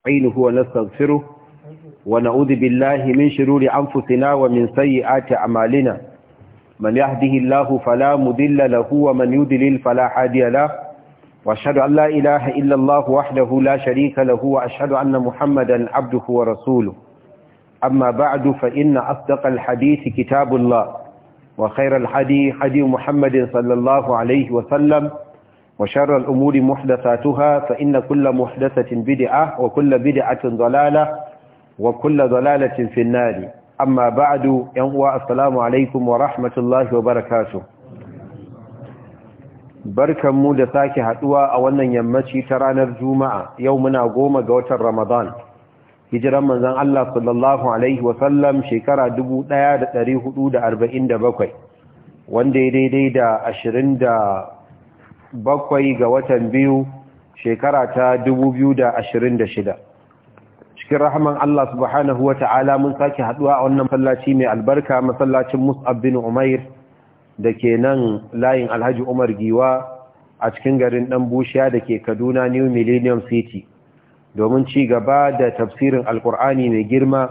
نستعينه ونستغفره ونعوذ بالله من شرور أنفسنا ومن سيئات أعمالنا من يهده الله فلا مضل له ومن يضلل فلا هادي له وأشهد أن لا إله إلا الله وحده لا شريك له وأشهد أن محمدا عبده ورسوله أما بعد فإن أصدق الحديث كتاب الله وخير الحديث حديث محمد صلى الله عليه وسلم وشر الأمور محدثاتها فإن كل محدثة بدعة وكل بدعة ضلالة وكل ضلالة في النار أما بعد ينوى السلام عليكم ورحمة الله وبركاته barkan mu da sake haduwa a wannan yammaci ta ranar juma'a yau muna goma ga watan ramadan hijiran manzon Allah sallallahu alaihi wa sallam shekara 1447 wanda ya daidai da bakwai ga watan biyu shekara ta da ashirin shida, cikin rahman Allah subhanahu wa ta'ala mun sake haduwa a wannan masallaci mai albarka masallacin Mus'ab bin Umair da ke nan layin Alhaji Umar Giwa a cikin garin ɗan bushiya da ke Kaduna New Millennium City domin ci gaba da tafsirin Alƙur'ani mai girma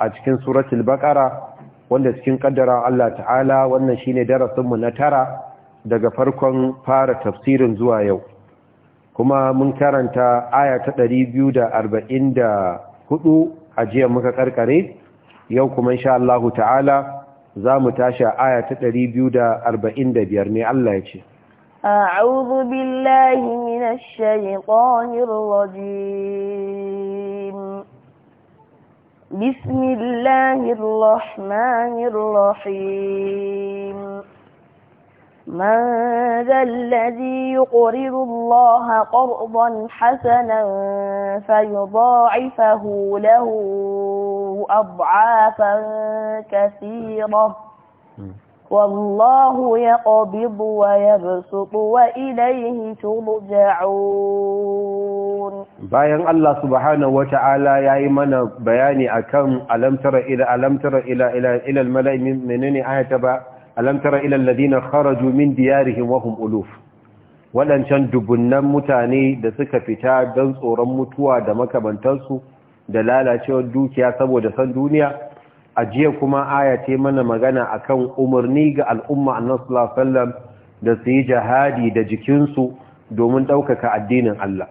a cikin suratul Baqara wanda cikin kaddara Allah ta'ala wannan shine darasinmu na tara daga farkon fara tafsirin zuwa yau kuma mun karanta aya ta 244 a jiya muka karkare yau kuma insha Allah ta'ala za mu tashi aya ta 245 ne Allah ya ce أعوذ بالله من الشيطان الرجيم بسم الله الرحمن الرحيم من ذا الذي يقرض الله قرضا حسنا فيضاعفه له أضعافا كثيرة والله يقبض ويبسط وإليه ترجعون بيان الله سبحانه وتعالى يا إيمان بياني أكم ألم تر إلى ألم تر إلى إلى إلى الملائكة منني آية بقى alam tara ila alladhina kharaju min diyarihim wa hum uluf wadancan dubunnan mutane da suka fita dan tsoron mutuwa da makamantansu da lalacewar dukiya saboda san duniya a kuma aya ce mana magana akan umarni ga al'umma annabi sallallahu alaihi wasallam da su yi jihadi da jikinsu domin ɗaukaka addinin Allah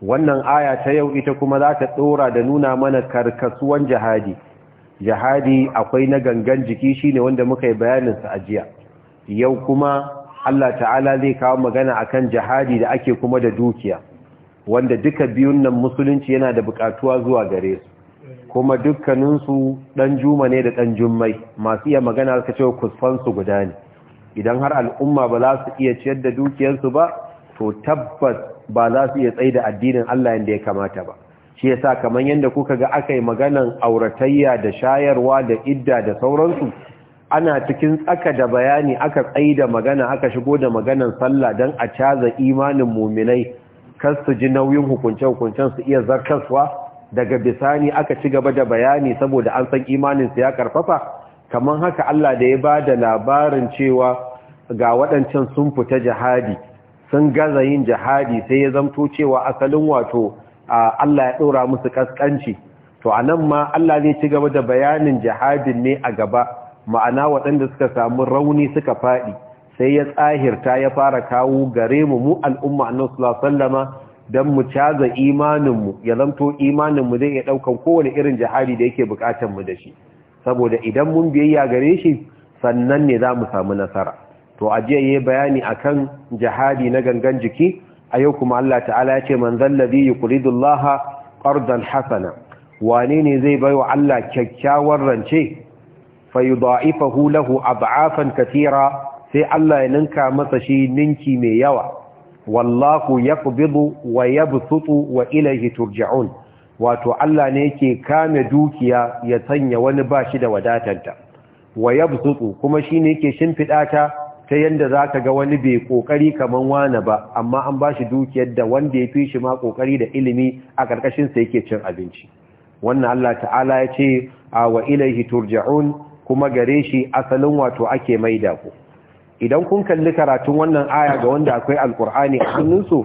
wannan aya ta yau ita kuma za ta ɗora da nuna mana karkasuwan jihadi jihadi akwai na gangan jiki shine wanda muka yi bayaninsa a jiya yau kuma Allah ta'ala zai kawo magana akan jihadi da ake kuma da dukiya wanda duka biyun nan musulunci yana da bukatuwa zuwa gare su kuma dukkaninsu ɗan juma ne da ɗan jummai masu iya magana suka ce kusfansu guda ne idan har al'umma ba za su iya ciyar da dukiyarsu ba to tabbas ba za su iya tsaye da addinin Allah yadda ya kamata ba shi yasa kamar yadda kuka ga aka yi maganan auratayya da shayarwa da idda da sauransu ana cikin tsaka da bayani aka tsayi da magana aka shigo da maganan sallah don a caza imanin muminai kar su ji nauyin hukunce-hukuncen su iya zartaswa daga bisani aka ci gaba da bayani saboda an san imanin su ya karfafa kamar haka Allah da ya ba da labarin cewa ga waɗancan sun fita jihadi sun gaza yin jihadi sai ya zamto cewa asalin wato Allah ya ɗora musu ƙasƙanci to a nan ma Allah zai ci gaba da bayanin jihadin ne a gaba ma'ana waɗanda suka samu rauni suka faɗi sai ya tsahirta ya fara kawo gare mu mu al'umma annabi sallallahu alaihi wasallama don mu caza imaninmu ya zanto imaninmu zai iya ɗaukan kowane irin jihadi da yake mu da shi saboda idan mun biyayya gare shi sannan ne za mu samu nasara to a jiya yi bayani akan jihadi na gangan jiki a yau kuma Allah ta'ala ya ce man zallazi yuqridu Allah qardan hasana wane ne zai wa Allah kyakkyawar rance fayudha'ifahu lahu ab'afan katira sai Allah ya ninka masa shi ninki mai yawa wallahu yaqbidu wa yabsutu wa ilayhi turja'un wato Allah ne yake kame dukiya ya sanya wani bashi da wadatanta wa yabsutu kuma shine yake shimfiɗata? ta ta yadda za ka ga wani bai kokari kamar wani ba amma an ba shi dukiyar da wanda ya fi shi ma kokari da ilimi a ƙarƙashinsa yake cin abinci wannan Allah ta'ala ya ce a wa ilaihi turja'un kuma gare shi asalin wato ake maida ku idan kun kalli karatun wannan aya ga wanda akwai Alƙur'ani, a hannunsu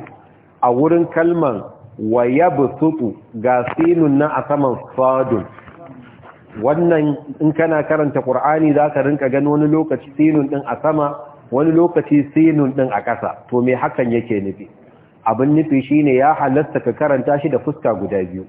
a wurin kalman wa ya busutu ga sinun na a saman fadun wannan in kana karanta ƙur'ani za ka rinka gano wani lokaci sinun ɗin a sama wani lokaci sinun din a ƙasa to me hakan yake nufi abin nufi shine ya halatta ka karanta shi da fuska guda biyu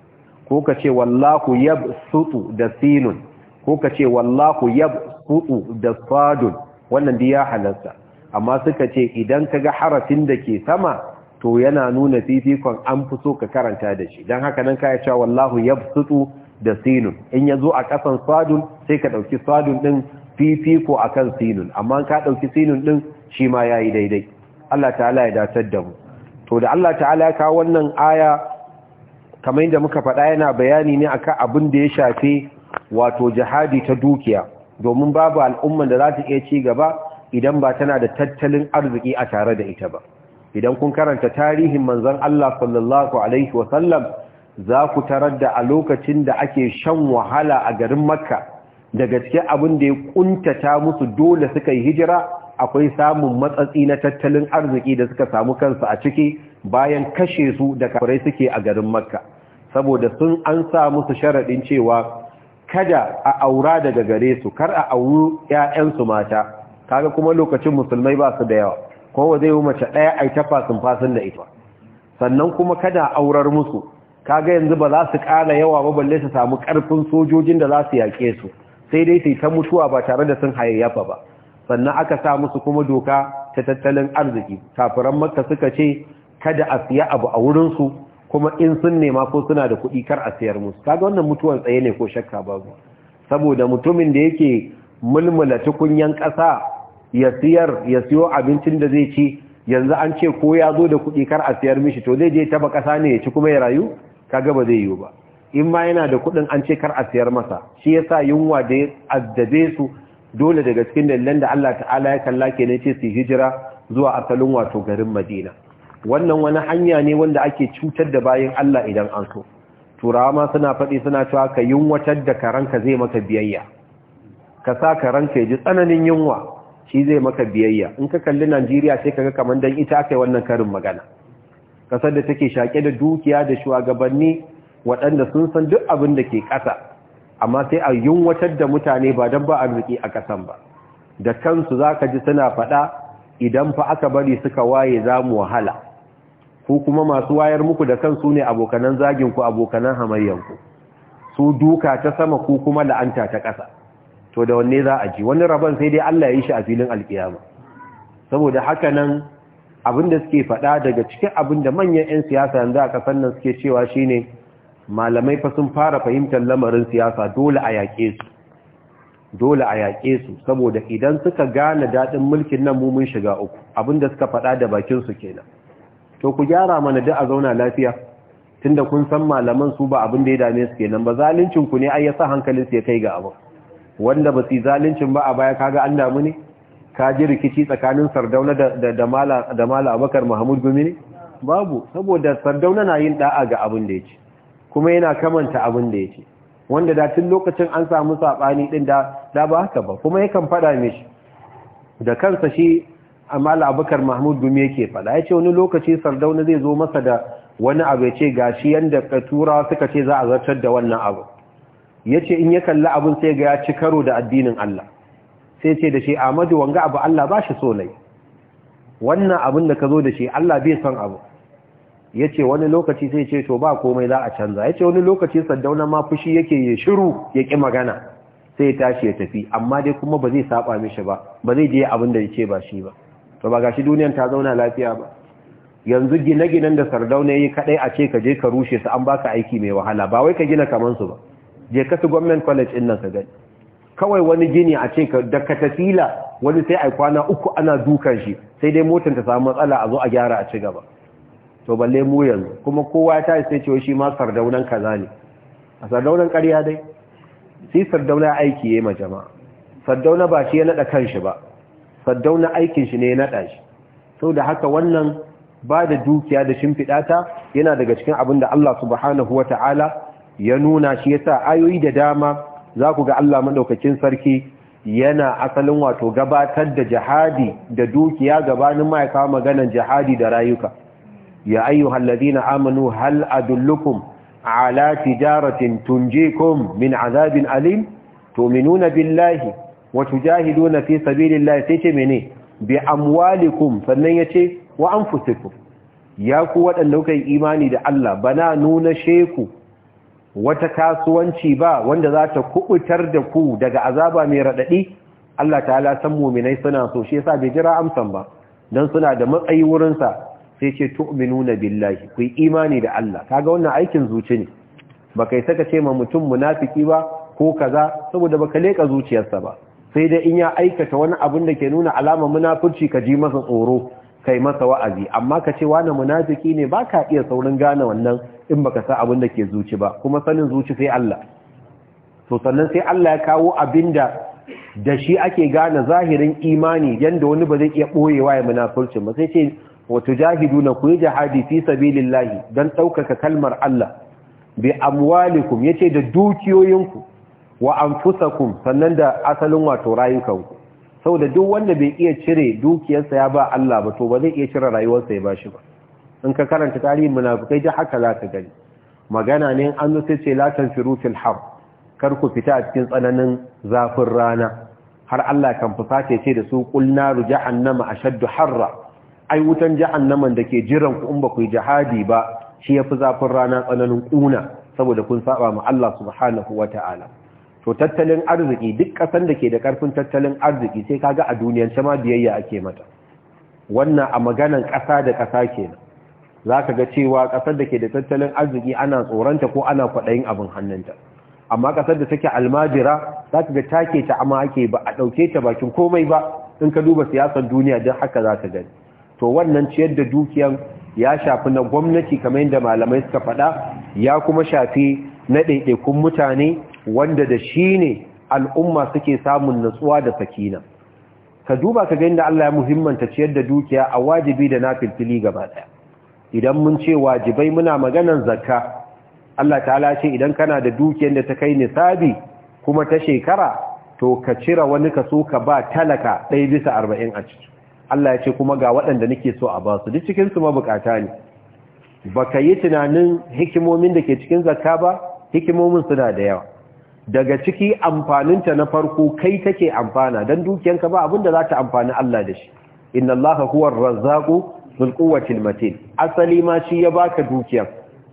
ko ka ce wallahu yabsutu da sinun ko ka ce wallahu yabsutu da sadun wannan dai ya halatta amma suka ce idan ga harafin da ke sama to yana nuna fifikon an fi so ka karanta da shi dan haka nan kaya, cewa wallahu yabsutu da sinun in yazo a ƙasan sadun sai ka ɗauki sadun ɗin. fifiko a kan sinun amma ka ɗauki sinun ɗin shi ma ya yi daidai Allah ta'ala ya datar da mu to da Allah ta'ala ya kawo wannan aya kamar yadda muka faɗa yana bayani ne a kan abin da ya shafi wato jihadi ta dukiya domin babu al'umman da za ta iya ci gaba idan ba tana da tattalin arziki a tare da ita ba idan kun karanta tarihin manzon Allah sallallahu alaihi wasallam za ku tarar da a lokacin da ake shan wahala a garin makka da gaske abin da ya kuntata musu dole suka yi hijira akwai samun matsatsi na tattalin arziki da suka samu kansu a ciki bayan kashe su da kafirai suke a garin makka saboda sun an sa musu sharaɗin cewa kada a aura daga gare su kar a auru 'ya'yansu mata kaga kuma lokacin musulmai ba su da yawa kowa zai yi mace ɗaya a ta fasin fasin da ita sannan kuma kada a aurar musu kaga yanzu ba za su ƙara yawa ba balle su samu ƙarfin sojojin da za su yaƙe su sai dai sai ta mutuwa ba tare da sun hayayyafa ba sannan aka sa musu kuma doka ta tattalin arziki kafiran makka suka ce kada a siya abu a wurin su kuma in sun nema ko suna da kuɗi kar a siyar musu kaga wannan mutuwar tsaye ne ko shakka babu saboda mutumin da yake mulmula tukunyan ƙasa ya siyar ya siyo abincin da zai ci yanzu an ce ko ya zo da kuɗi kar a siyar mishi to zai je taba ƙasa ne ya ci kuma ya rayu kaga ba zai yiwu ba in ma yana da kuɗin an ce kar a siyar masa shi yasa yunwa da ya su dole daga cikin dalilan da Allah ta'ala ya kalla kenan ce su hijira zuwa asalin wato garin Madina wannan wani hanya ne wanda ake cutar da bayan Allah idan an so turawa ma suna faɗi suna cewa ka yunwatar da karanka zai maka biyayya ka sa karanka ya ji tsananin yunwa shi zai maka biyayya in ka kalli Najeriya sai kaga kamar dan ita akai wannan karin magana kasar da take shake da dukiya da shugabanni waɗanda sun san duk abin da ke ƙasa amma sai a yunwatar da mutane ba don ba a arziki a ƙasan ba da kansu za ka ji suna faɗa idan fa aka bari suka waye za mu wahala ku kuma masu wayar muku da kansu ne abokanan zaginku abokanan hamayyanku su duka ta sama ku kuma la'anta ta ƙasa to da wanne za a ji wani rabon sai dai Allah ya yi shi a filin alkiyama saboda haka nan abin da suke faɗa daga cikin abin da manyan 'yan siyasa yanzu a ƙasar nan suke cewa shine malamai fa sun fara fahimtar lamarin siyasa dole a yaƙe su dole a yaƙe su saboda idan suka gane daɗin mulkin nan mu mun shiga uku abinda suka faɗa da bakin su kenan to ku gyara mana da a zauna lafiya tunda kun san malaman su ba abin da ya dame su kenan ba zalincin ku ne ai yasa hankalin su ya kai ga abu wanda ba su zaluncin ba a baya kaga an damu ne ka ji rikici tsakanin Sardauna da da Mala da Mala abakar Mahmud Gumi ne babu saboda Sardauna na yin da'a ga abin da ya yake kuma yana kamanta abin da yake wanda da tun lokacin an samu sabani din da ba haka ba kuma yakan faɗa mishi da kansa shi Amal Abubakar Mahmud Gumi yake fada ce wani lokaci Sardauna zai zo masa da wani abu ya ce, gashi yanda katura suka ce za a zartar da wannan abu Ya ce in ya kalli abin sai ga ya ci karo da addinin Allah sai ce da shi Ahmadu wanga abu Allah ba shi so ne wannan abin da ka zo da shi Allah bai son abu ya ce wani lokaci sai ce to ba komai za a canza ya ce wani lokaci saddauna ma fushi yake ya shiru ya ki magana sai ya tashi ya tafi amma dai kuma ba zai saba mishi ba ba zai je abin da ya ce ba shi ba to ba gashi duniyan ta zauna lafiya ba yanzu gine-ginen da sardauna yi kaɗai a ce ka je ka rushe su an baka aiki mai wahala ba wai ka gina kaman su ba je ka su government college din nan ka gani kawai wani gini a ce ka da katafila wani sai ai kwana uku ana dukan shi sai dai motar ta samu matsala a zo a gyara a ci gaba to balle mu yanzu kuma kowa ta sai cewa shi ma sardaunan kaza ne a sardaunan ƙarya dai sai sardauna aiki yayi ma jama'a sardauna ba shi ya nada kanshi ba sardauna aikin shi ne ya nada shi da haka wannan ba da dukiya da shimfiɗata, ta yana daga cikin abin da Allah subhanahu wata'ala ya nuna shi yasa ayoyi da dama za ku ga Allah madaukakin sarki yana asalin wato gabatar da jihadi da dukiya gabanin ma'aikawa maganar jihadi da rayuka يا أيها الذين آمنوا هل أدلكم على تجارة تنجيكم من عذاب أليم تؤمنون بالله وتجاهدون في سبيل الله تشمني بأموالكم فنيتي وأنفسكم يا قوة أنك إيماني دا الله بنا نون شيكو وتكاسوانشي با وند ذات كؤتر دكو دك عذابا ميردئي الله تعالى سمو مني سنة سوشي سابجرا أمسا با دان سنة دا مطعي ورنسا sai ce na billahi ku imani da Allah kaga wannan aikin zuci ne ba kai ka ce ma mutum munafiki ba ko kaza saboda ba ka leka zuciyarsa ba sai dai in ya aikata wani abin da ke nuna alamar munafurci ka ji masa tsoro kai masa wa'azi amma ka ce wani munafiki ne ba ka iya saurin gane wannan in ba ka sa abin da ke zuci ba kuma sanin zuci sai Allah to sannan sai Allah ya kawo abinda da shi ake gane zahirin imani yanda wani ba zai iya boyewa ya munafurcin ba sai ce jahidu na ku yi jihadi fi sabilillahi don ɗaukaka kalmar Allah bi amwalikum yace da dukiyoyinku wa anfusakum sannan da asalin wato rayukanku saboda duk wanda bai iya cire dukiyarsa ya ba Allah ba to ba zai iya cire rayuwarsa ya bashi ba in ka karanta tarihin munafikai da haka za ka gani magana ne an zo sai ce la tanfiru fil har kar ku fita a cikin tsananin zafin rana har Allah kan fusace ce da su qulna jahannama ashaddu harra ai wutan jahannaman da ke jiran ku in ba ku jihadi ba shi ya fi zafin rana tsananin kuna saboda kun saba ma Allah subhanahu wata'ala to tattalin arziki duk kasan da ke da karfin tattalin arziki sai kaga a duniyar ma biyayya ake mata wannan a maganan kasa da kasa kenan zaka ga cewa ƙasar da ke da tattalin arziki ana tsoranta ko ana kwaɗayin abin hannunta amma ƙasar da take almajira za zaka ga take ta amma ake ba a ɗauke ta bakin komai ba in ka duba siyasar duniya don haka za ka gani to wannan ciyar da dukiyan ya shafi na gwamnati kamar yadda malamai suka faɗa ya kuma shafi na ɗaiɗaikun mutane wanda da shi ne al'umma suke samun natsuwa da sakina ka duba ka ga inda Allah ya muhimmanta ciyar da dukiya a wajibi da na nafilfili gaba ɗaya idan mun ce wajibai muna maganan zakka Allah ta'ala ce idan kana da dukiyar da ta kai nisabi kuma ta shekara to ka cira wani kaso ka ba talaka ɗaya bisa arba'in a ciki Allah ya ce kuma ga waɗanda nake so a ba su duk cikin su mabukata ne baka yi tunanin hikimomin da ke cikin zakka ba hikimomin suna da yawa daga ciki amfaninta na farko kai take amfana dan dukiyanka ba abinda za ta amfani Allah da shi inna Allaha huwar razzaqu dhul quwwatil matin asali ma shi ya baka dukiya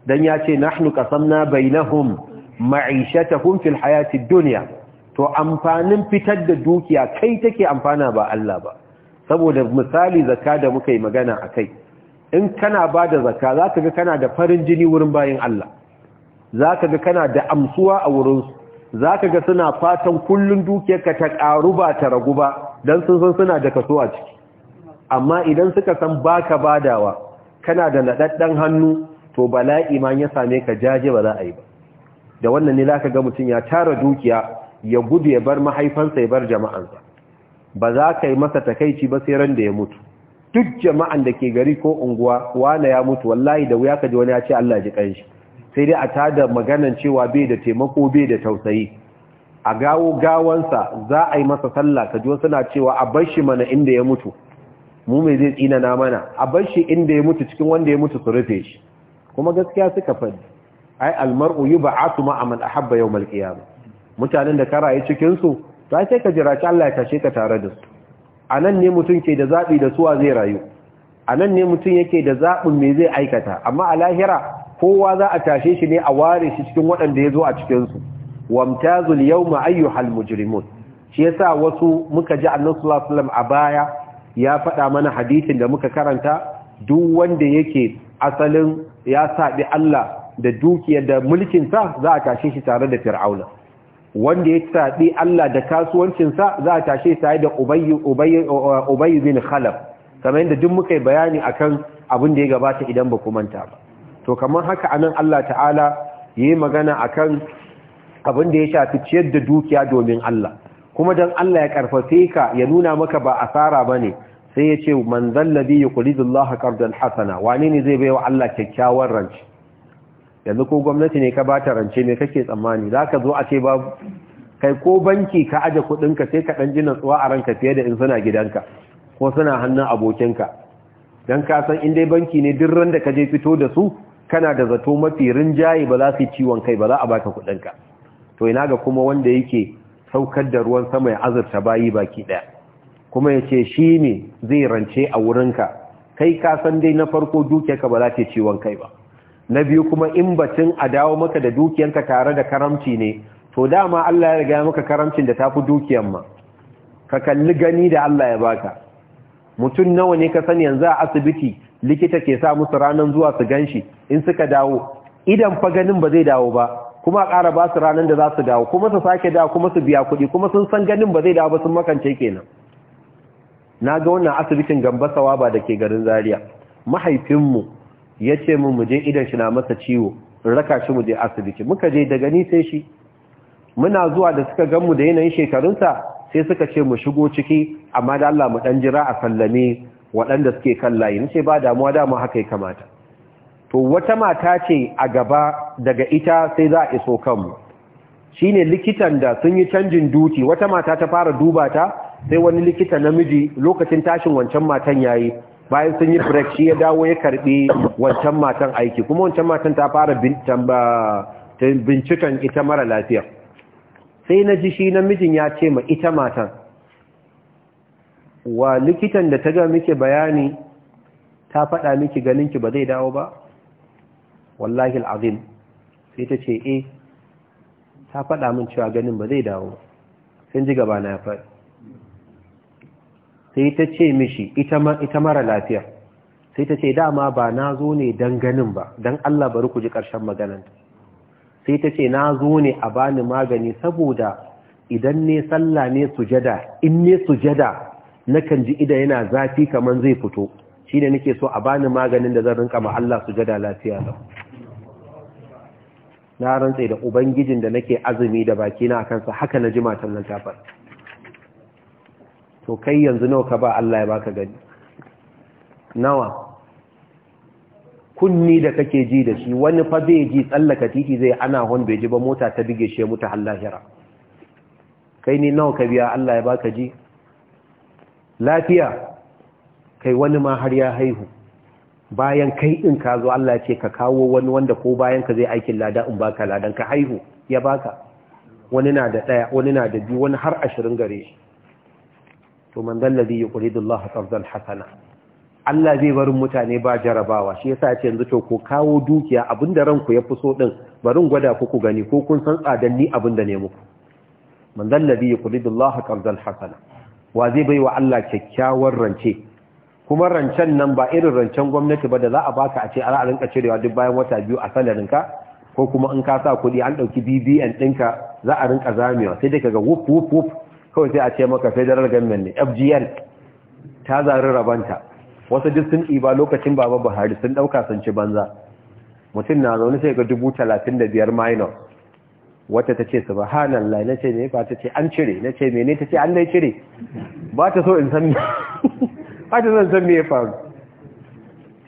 dan ya ce nahnu qasamna bainahum ma'ishatahum fil hayati dunya to amfanin fitar da dukiya kai take amfana ba Allah ba saboda misali zaka da muka yi magana a kai in kana ba da zaka za ka ga kana da farin jini wurin bayan Allah za ka ga kana da amsuwa a wurinsu za ka ga suna fatan kullum ka ta ƙaru ba ta ragu ba don sun san suna da kaso a ciki amma idan suka san ba ka badawa kana da naɗaɗɗen hannu to bala'i ma ya same ka jaje ba za a yi ba da wannan ne za ka ga mutum ya tara dukiya ya gudu ya bar mahaifansa ya bar jama'ansa ba za ka yi masa takaici ba sai ran da ya mutu duk jama'an da ke gari ko unguwa wane ya mutu wallahi da wuya ka ji wani ya ce Allah ji kanshi sai dai a tada maganan cewa bai da taimako bai da tausayi a gawo gawansa za a yi masa sallah ka ji suna cewa a bar shi mana inda ya mutu mu mai zai tsina na mana a bar shi inda ya mutu cikin wanda ya mutu su rufe shi kuma gaskiya suka faɗi ai almar'u yub'atu ma'a man ahabba yawmal qiyamah mutanen da karaye cikin su ta sai ka jira ki Allah ya tashe ka tare da su anan ne mutum ke da zabi da suwa zai rayu anan ne mutum yake da zaɓin me zai aikata amma a lahira kowa za a tashe shi ne a ware shi cikin waɗanda ya zo a cikin su wamtazul yawma ayyuhal mujrimun shi yasa wasu muka ji annabi sallallahu a baya ya faɗa mana hadisin da muka karanta duk wanda yake asalin ya saɓi Allah da dukiyar da mulkin mulkinsa za a tashe shi tare da fir'auna wanda ya tsaɗi Allah da kasuwancinsa za a tashe tare da ubayi bin khalaf kamar yadda duk muka yi bayani akan abin da ya gabata idan ba kumanta ba to kamar haka anan Allah ta'ala ya yi magana akan abin da ya shafi ciyar da dukiya domin Allah kuma don Allah ya karfafe ka ya nuna maka ba asara ba ne sai ya ce man zallabi ya kulidun Allah hasana wane ne zai baiwa Allah kyakkyawar ranci yanzu ko gwamnati ne ka ba ta rance ne kake tsammani za ka zo a ce babu kai ko banki ka aje kudinka sai ka ɗan ji natsuwa a ranka fiye da in suna gidanka ko suna hannun abokinka don ka san in dai banki ne duk ran da ka je fito da su kana da zato mafi rinjaye ba za su ciwon kai ba za a baka kudinka to ina ga kuma wanda yake saukar da ruwan sama ya azurta bayi baki ɗaya kuma ya ce shi ne zai rance a wurinka kai ka san dai na farko dukiyarka ba za ta ciwon kai ba na biyu kuma in batun a dawo maka da dukiyanka tare da karamci ne to dama Allah ya riga maka karamcin da tafi dukiyan ma ka kalli gani da Allah ya baka mutum nawa ne ka sani yanzu a asibiti likita ke sa musu ranan zuwa su ganshi in suka dawo idan fa ganin ba zai dawo ba kuma ƙara ba su ranar da za su dawo kuma su sake dawo kuma su biya kuɗi kuma sun san ganin ba zai dawo ba sun makance kenan na ga wannan asibitin gambasawa ba da ke garin zaria mahaifinmu ya ce mu muje idan shi na masa ciwo in raka shi muje asibiti muka je daga ni sai shi muna zuwa da suka gan mu da yanayin shekarunsa sai suka ce mu shigo ciki amma da Allah mu dan jira a sallame waɗanda suke kan layi nace ba damuwa mu haka ya kamata to wata mata ce a gaba daga ita sai za a iso kanmu shine likitan da sun yi canjin duti wata mata ta fara duba ta sai wani likita namiji lokacin tashin wancan matan yayi bayan sun yi break ya dawo ya karbi wancan matan aiki kuma wancan matan ta fara bincikan ita mara lafiya sai na ji shi namijin ya ce ma ita matan wa likitan da ta ga miki bayani ta faɗa miki ganinki ba zai dawo ba wallahi al'azim sai ta ce eh ta faɗa min cewa ganin ba zai dawo sun ji gaba na ya faɗi sai ta ce mishi ita mara lafiya sai ta ce dama ba na zo ne don ganin ba don Allah bari ku ji ƙarshen magananta sai ta ce na zo ne a bani magani saboda idan ne sallah ne sujada in ne sujada kan ji ida yana zafi kamar zai fito shi ne nake so a bani maganin da zan rinka ma Allah sujada lafiya lau na rantse da ubangijin da nake azumi da bakina a kansa haka na ji matan nan to kai yanzu nawa ka ba Allah ya baka gani nawa kunni da kake ji da shi wani fa zai ji tsallaka titi zai ana hon bai ji ba mota ta bige shi mutu hallahira kai ne nawa ka biya Allah ya baka ji lafiya kai wani ma har ya haihu bayan kai in ka zo Allah ya ce ka kawo wani wanda ko bayan ka zai aikin lada in baka ladan ka haihu ya baka wani na da daya wani na da biyu wani har ashirin gare shi to man zan ladhi yuqridullaha hasana Allah zai barin mutane ba jarabawa shi yasa ce yanzu to ko kawo dukiya abinda ranku ya fi so din barin gwada ku ku gani ko kun san tsadanni ni abinda ne muku man zan ladhi yuqridullaha hasana wa zai baiwa Allah kyakkyawar rance kuma rancen nan ba irin rancen gwamnati ba da za a baka a ce a rinka cirewa duk bayan wata biyu a salarinka ko kuma in ka sa kuɗi an ɗauki bbn ɗinka za a rinka zamewa sai dai kaga wuf wuf wuf kawai sai a ce maka federal government ne fgn ta zari rabanta wasu duk sun ɗiba lokacin baba buhari sun ɗauka sun ci banza mutum na zaune sai ga dubu talatin da biyar minor wata ta ce lai! na ce ne ba ta ce an cire na ce mene ta ce an dai cire ba ta so in san ba ta so san me ya faru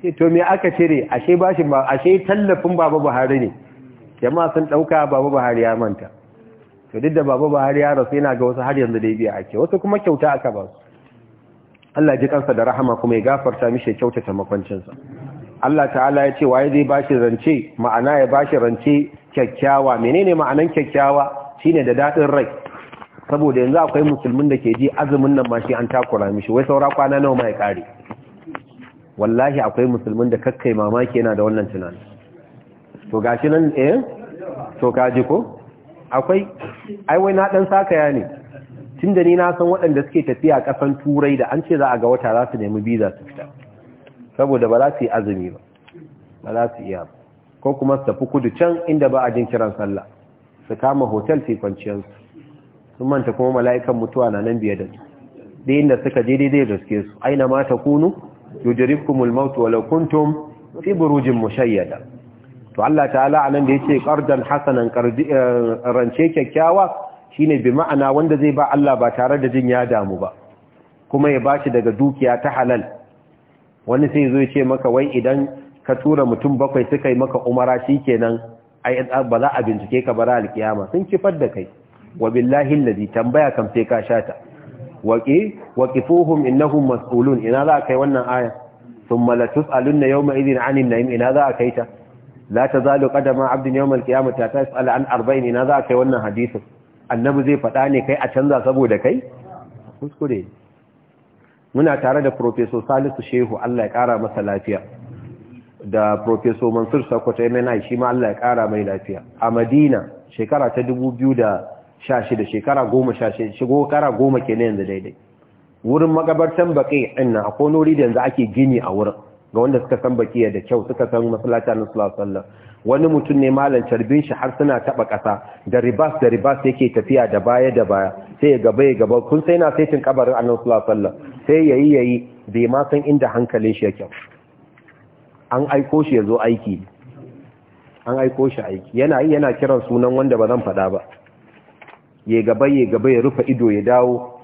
sai to me aka cire ashe bashin ba ashe tallafin baba buhari ne jama'a sun ɗauka baba buhari ya manta to duk da baba Buhari ya rasu yana ga wasu har yanzu dai biya ake wasu kuma kyauta aka ba su Allah ji kansa da rahama kuma ya gafarta mishi ya kyautata makwancinsa Allah ta'ala ya ce waye zai bashi rance ma'ana ya bashi rance kyakkyawa menene ma'anan kyakkyawa shine da dadin rai saboda yanzu akwai musulmin da ke ji azumin nan ma shi an takura mishi wai saura kwana nawa mai kare wallahi akwai musulmin da kakkai mamaki yana da wannan tunanin to gashi nan eh to kaji ko akwai aiwai na ɗan sakaya ne tun da ni na san waɗanda suke tafiya kasan turai da an ce za a ga wata za su nemi biza su fita saboda ba za su yi azumi ba ba za su iya ba, ko kuma su tafi kudu can inda ba a jin kiran sallah su kama hotel su kwanciyarsu sun manta kuma mala'ikan mutuwa na nan biyar da su da inda suka je daidai da suke su aina ma ta kunu yujirifkumul mautu walau kuntum fi burujin mushayyada to Allah ta'ala anan da yake qardan hasanan eh, rance kyakkyawa shine bi ma'ana wanda zai ba Allah ba tare da jin ya damu ba kuma ya bashi daga dukiya ta halal wani sai zo yace maka wai idan ka tura mutum bakwai suka yi maka umara shikenan ai ba za a bincike ka bara alkiyama sun kifar da kai wa billahi allazi tambaya kam sai ka shata waqi waqifuhum innahum mas'ulun ina za kai wannan aya thumma latus'alunna yawma idhin 'anil na'im ina za kai ta لا تزال قدم عبد يوم القيامه ta عن an arba'in ina za kai wannan hadisin annabi zai faɗa ne kai a canza saboda kai kuskure muna tare da professor Salisu Shehu Allah ya kara masa lafiya da professor Mansur mai nai shi ma Allah ya kara mai lafiya a Madina shekara ta 2016 shekara 16 shigo kara 10 kenan yanzu daidai wurin magabartan baki ɗin akwai nori da yanzu ake gini a wurin ga wanda suka san bakiya da kyau suka san masallaci annabi sallallahu alaihi wasallam wani mutum ne malan carbin shi har suna taba kasa da ribas da ribas yake tafiya da baya da baya sai ya gaba ya gaba kun sai na saitin kabarin annabi sallallahu alaihi wasallam sai yayi yayi bai ma san inda hankalin shi yake an aiko shi yazo aiki an aiko shi aiki yana yi yana kiran sunan wanda ba zan faɗa ba ya gaba ya gaba ya rufe ido ya dawo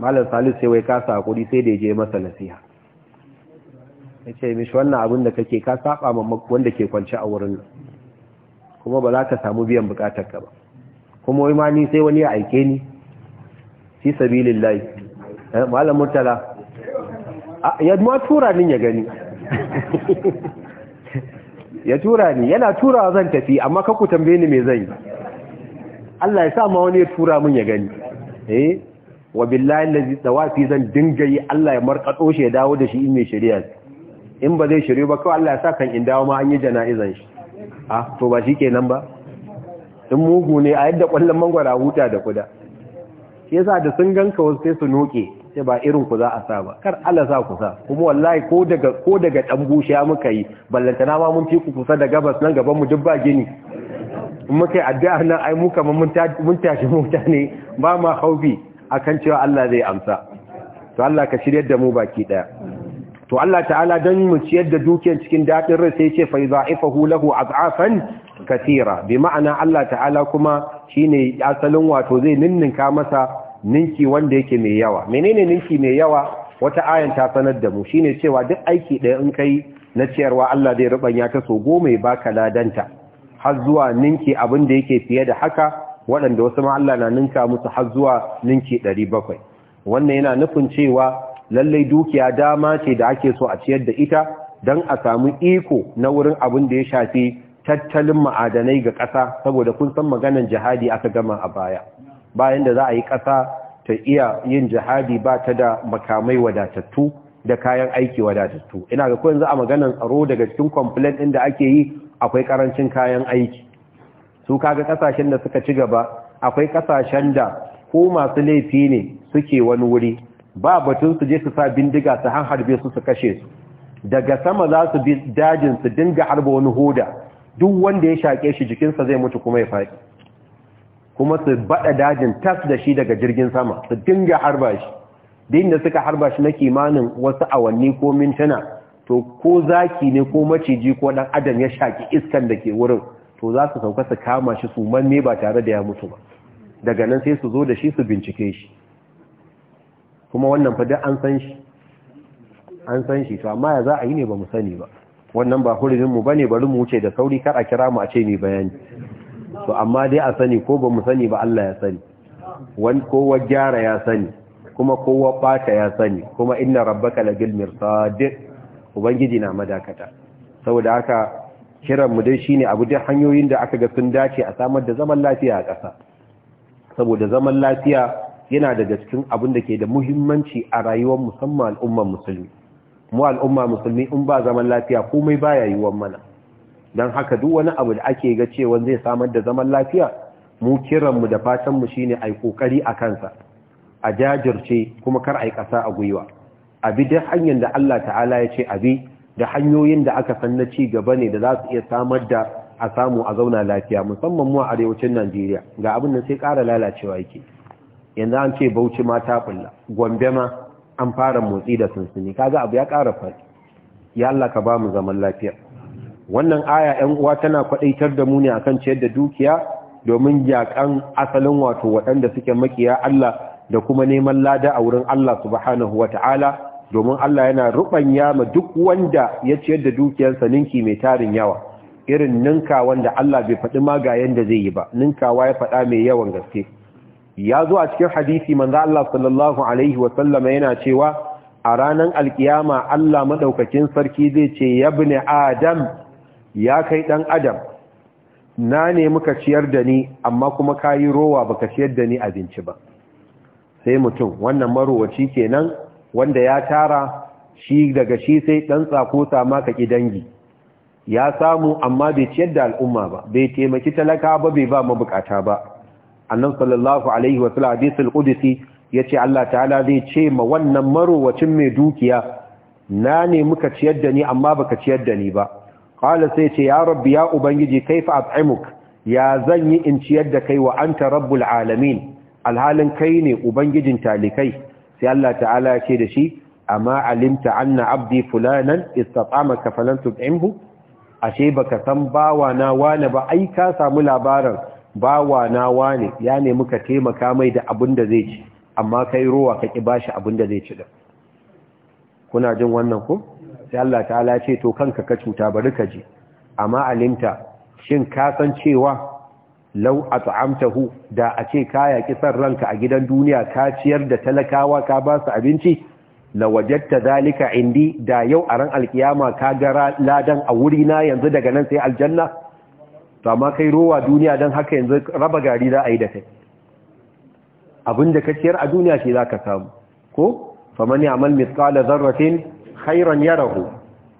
malam salisu sai wai kasa hakuri sai da ya je masa nasiha ya ce mishi wannan abin da kake ka saba ma wanda ke kwanci a wurin nan kuma ba za ka samu biyan bukatar ka ba kuma wai ma ni sai wani ya aike ni fi sabilillahi eh, malam murtala ya ma tura min ya gani ya tura ni yana tura zan tafi amma ka ku tambaye ni me zan yi Allah ya sa ma wani ya tura min ya gani eh wa billahi allazi tawafi zan dinga yi Allah ya markado shi ya dawo da shi in mai shari'a in ba zai shiryu ba kawai Allah ya sa kan in dawo ma an yi jana'izan shi a ah, to ba shi nan ba in mugu ne a yadda kwallon mangwara huta da kuda shi yasa da sun ganka wasu sai su noke sai ba irin ku za a sa ba kar Allah sa ku sa kuma wallahi ko daga ko daga dan gushiya muka yi na ma mun fi ku kusa da gabas nan gaban mu duk gini in muka yi addu'a nan ai muka mun tashi mutane ba ma haufi akan cewa Allah zai amsa to Allah ka shiryar da mu baki daya to Allah ta'ala don mu ciyar da dukiyar cikin daɗin rai sai ce fa yudha'ifahu lahu ad'afan katira bi ma'ana Allah ta'ala kuma shine asalin wato zai ninninka masa ninki wanda yake mai yawa menene ninki mai yawa wata ayan ta sanar da mu shine cewa duk aiki ɗaya in kai na ciyarwa Allah zai rubanya ta so goma ya baka ladanta har zuwa ninki abin da yake fiye da haka waɗanda wasu ma Allah na ninka musu har zuwa ninki 700 wannan yana nufin cewa lallai dukiya dama ce da ake so a ciyar da ita don a samu iko na wurin abin da ya shafi tattalin ma'adanai ga ƙasa saboda kun san maganan jihadi aka gama a baya bayan da za a yi ƙasa ta iya yin jihadi ba ta da makamai wadatattu da kayan aiki wadatattu ina ga za a maganan tsaro daga cikin complaint ɗin da ake yi akwai karancin kayan aiki su kaga ƙasashen da suka ci gaba akwai ƙasashen da ko masu laifi ne suke wani wuri ba batun su je su sa bindiga su han harbe su su kashe su daga sama za su bi dajin su dinga harba wani hoda duk wanda ya shaƙe shi jikinsa zai mutu kuma ya faɗi kuma su bada dajin tas da shi daga jirgin sama su dinga harba shi din da suka harba shi na kimanin wasu awanni ko mintuna to ko zaki ne ko maciji ko dan adam ya shaki iskan da ke wurin to za su sauka su kama shi su manne ba tare da ya mutu ba daga nan sai su zo da shi su bincike shi kuma wannan fa duk an san shi an to amma ya za a yi ne ba mu sani ba wannan ba hurumin mu bane bari mu wuce da sauri kar a kira mu a ce ne bayani to amma dai a sani ko ba mu sani ba Allah ya sani wani kowa gyara ya sani kuma kowa ɓata ya sani kuma inna rabbaka labil mirsad ubangiji na madakata saboda haka kiran mu dai shine abu dai hanyoyin da aka ga sun dace a samar da zaman lafiya a ƙasa saboda zaman lafiya yana daga cikin abin da ke da muhimmanci a rayuwar musamman al'ummar musulmi mu al'umma musulmi in ba zaman lafiya komai ba yi wa mana don haka duk wani abu da ake ga cewa zai samar da zaman lafiya mu kiranmu da fatanmu shine yi kokari a kansa a jajirce kuma kar a yi ƙasa a gwiwa abi hanyar da Allah ta'ala ya ce abi da hanyoyin da aka san na ci gaba ne da za su iya samar da a samu a zauna lafiya musamman mu a arewacin Najeriya ga abin da sai ƙara lalacewa yake yanzu an ce bauchi ma ta kulla gombe ma an fara motsi da sunsuni kaga abu ya ƙara faɗi ya Allah ka ba mu zaman lafiya wannan aya 'yan uwa tana kwadaitar da mu ne akan ciyar da dukiya domin yakan asalin wato waɗanda suke makiya Allah da kuma neman lada a wurin Allah subhanahu wata'ala domin Allah yana rubanya ma duk wanda ya ciyar da dukiyarsa ninki mai tarin yawa irin ninka wanda Allah bai faɗi ma ga yanda zai yi ba ninkawa ya faɗa mai yawan gaske ya zo a cikin hadisi manza, Allah sallallahu alaihi wa yana cewa a ranar alkiyama Allah madaukakin sarki zai ce ya yabni adam ya kai ɗan adam na ne muka ciyar da ni amma kuma kayi rowa baka ciyar da ni abinci ba sai mutum wannan marowaci kenan wanda ya tara shi daga shi sai ɗan tsako sama ka dangi ya samu amma bai ciyar da al'umma ba bai taimaki talaka ba bai ba mabukata ba annan sallallahu alaihi wa sallam hadisul qudsi yace Allah ta'ala zai ce ma wannan marowacin mai dukiya na ne muka ciyar da ni amma baka ciyar da ni ba qala sai ce ya rabbi ya ubangiji kaifa at'imuk ya zan yi in ciyar da kai wa anta rabbul alamin alhalin kai ne ubangijin talikai sai Allah ta'ala ya ce da shi amma alimta anna abdi fulanan istat'ama ka falan tut'imhu ashe baka san bawa na wani ba ai ka samu labarin bawa na ne, ya nemi ka taimaka mai da abin da zai ci amma kai ruwa ka ki bashi abin da zai ci da kuna jin wannan ku? sai Allah ta'ala ce to kanka ka cuta bari ka ji amma alimta shin ka san cewa law at'amtahu da a ce ka yaki san ranka a gidan duniya ka ciyar da talakawa ka ba su abinci lawajatta zalika indi da yau a ran alkiyama ka gara ladan a wuri na yanzu daga nan sai aljanna Zama ma kai rowa duniya don haka yanzu raba gari za a yi da kai abinda ka ciyar a duniya ce za ka samu ko faman ya'mal zarrafin hairan khairan rahu.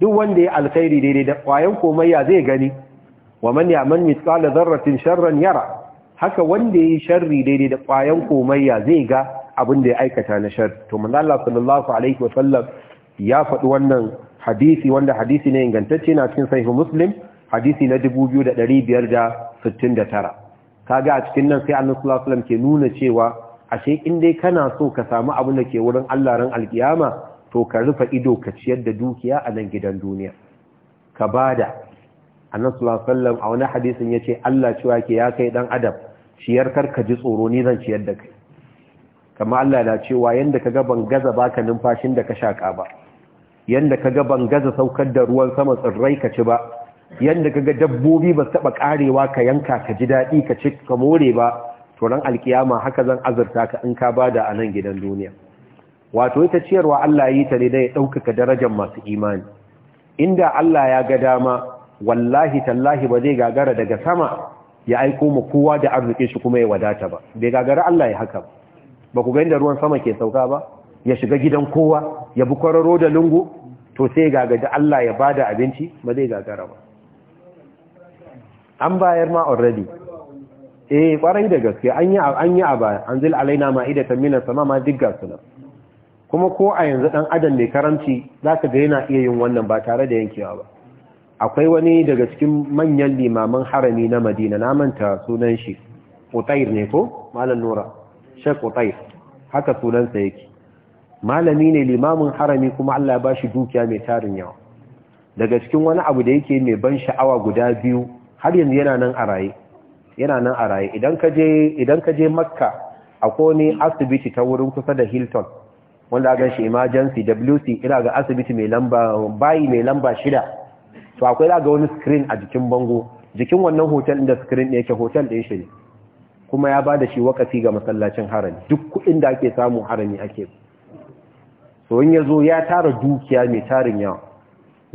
duk wanda ya alkhairi daidai da kwayan ya zai gani wa man ya'mal mithqala zarrafin sharran yara haka wanda ya yi sharri daidai da kwayan ya zai ga abin da ya aikata na shar to manzo Allah sallallahu alaihi wa sallam ya faɗi wannan hadisi wanda hadisi ne ingantacce na cikin sahih muslim hadisi na 2569 kaga a cikin nan sai annabi sallallahu alaihi wasallam ke nuna cewa ashe in dai kana so ka samu abin da ke wurin Allah ran alkiyama to ka rufe ido ka ciyar da dukiya a nan gidan duniya ka bada annabi sallallahu alaihi wasallam a wani hadisin yace Allah cewa ke ya kai dan adam ciyar kar ka ji tsoro ni zan ciyar da kai kamar Allah na cewa yanda kaga ban gaza baka numfashin da ka shaka ba yanda kaga ban gaza saukar da ruwan sama tsirrai ka ci ba yadda kaga dabbobi ba taɓa ƙarewa ka yanka ka ji daɗi ka ci ka more ba to alƙiyama alkiyama haka zan azurta ka in ka bada a nan gidan duniya wato ita ciyarwa Allah yi ta ne da ya ɗaukaka darajar masu imani inda Allah ya ga dama wallahi tallahi ba zai gagara daga sama ya aiko mu kowa da arzikin shi kuma ya wadata ba bai gagara Allah ya haka ba ku ga inda ruwan sama ke sauka ba ya shiga gidan kowa ya bi kwararo da lungu to sai gagadi Allah ya bada abinci ba zai gagara ba an bayar ma already eh kwarai da gaske an yi an yi a baya an zil alaina ma'idatan minas sama ma digga suna kuma ko a yanzu dan adam mai karamci zaka ga yana iya yin wannan ba tare da yankewa ba akwai wani daga cikin manyan limaman harami na Madina na manta sunan shi Qutayr ne ko malam Nura Sheikh Qutayr haka sunansa yake malami ne limamin harami kuma Allah ya bashi dukiya mai tarin yawa daga cikin wani abu da yake mai ban sha'awa guda biyu har yanzu yana nan a raye yana nan a raye idan ka je idan ka je makka akwai ne asibiti ta wurin kusa da hilton wanda a ganshi emergency wc ina ga asibiti mai lamba bayi mai lamba shida to akwai ga wani screen a jikin bango jikin wannan hotel inda screen ne yake hotel ɗin shi ne kuma ya ba da shi wakafi ga masallacin harami duk kuɗin da ake samu harami ake so in ya zo ya tara dukiya mai tarin yawa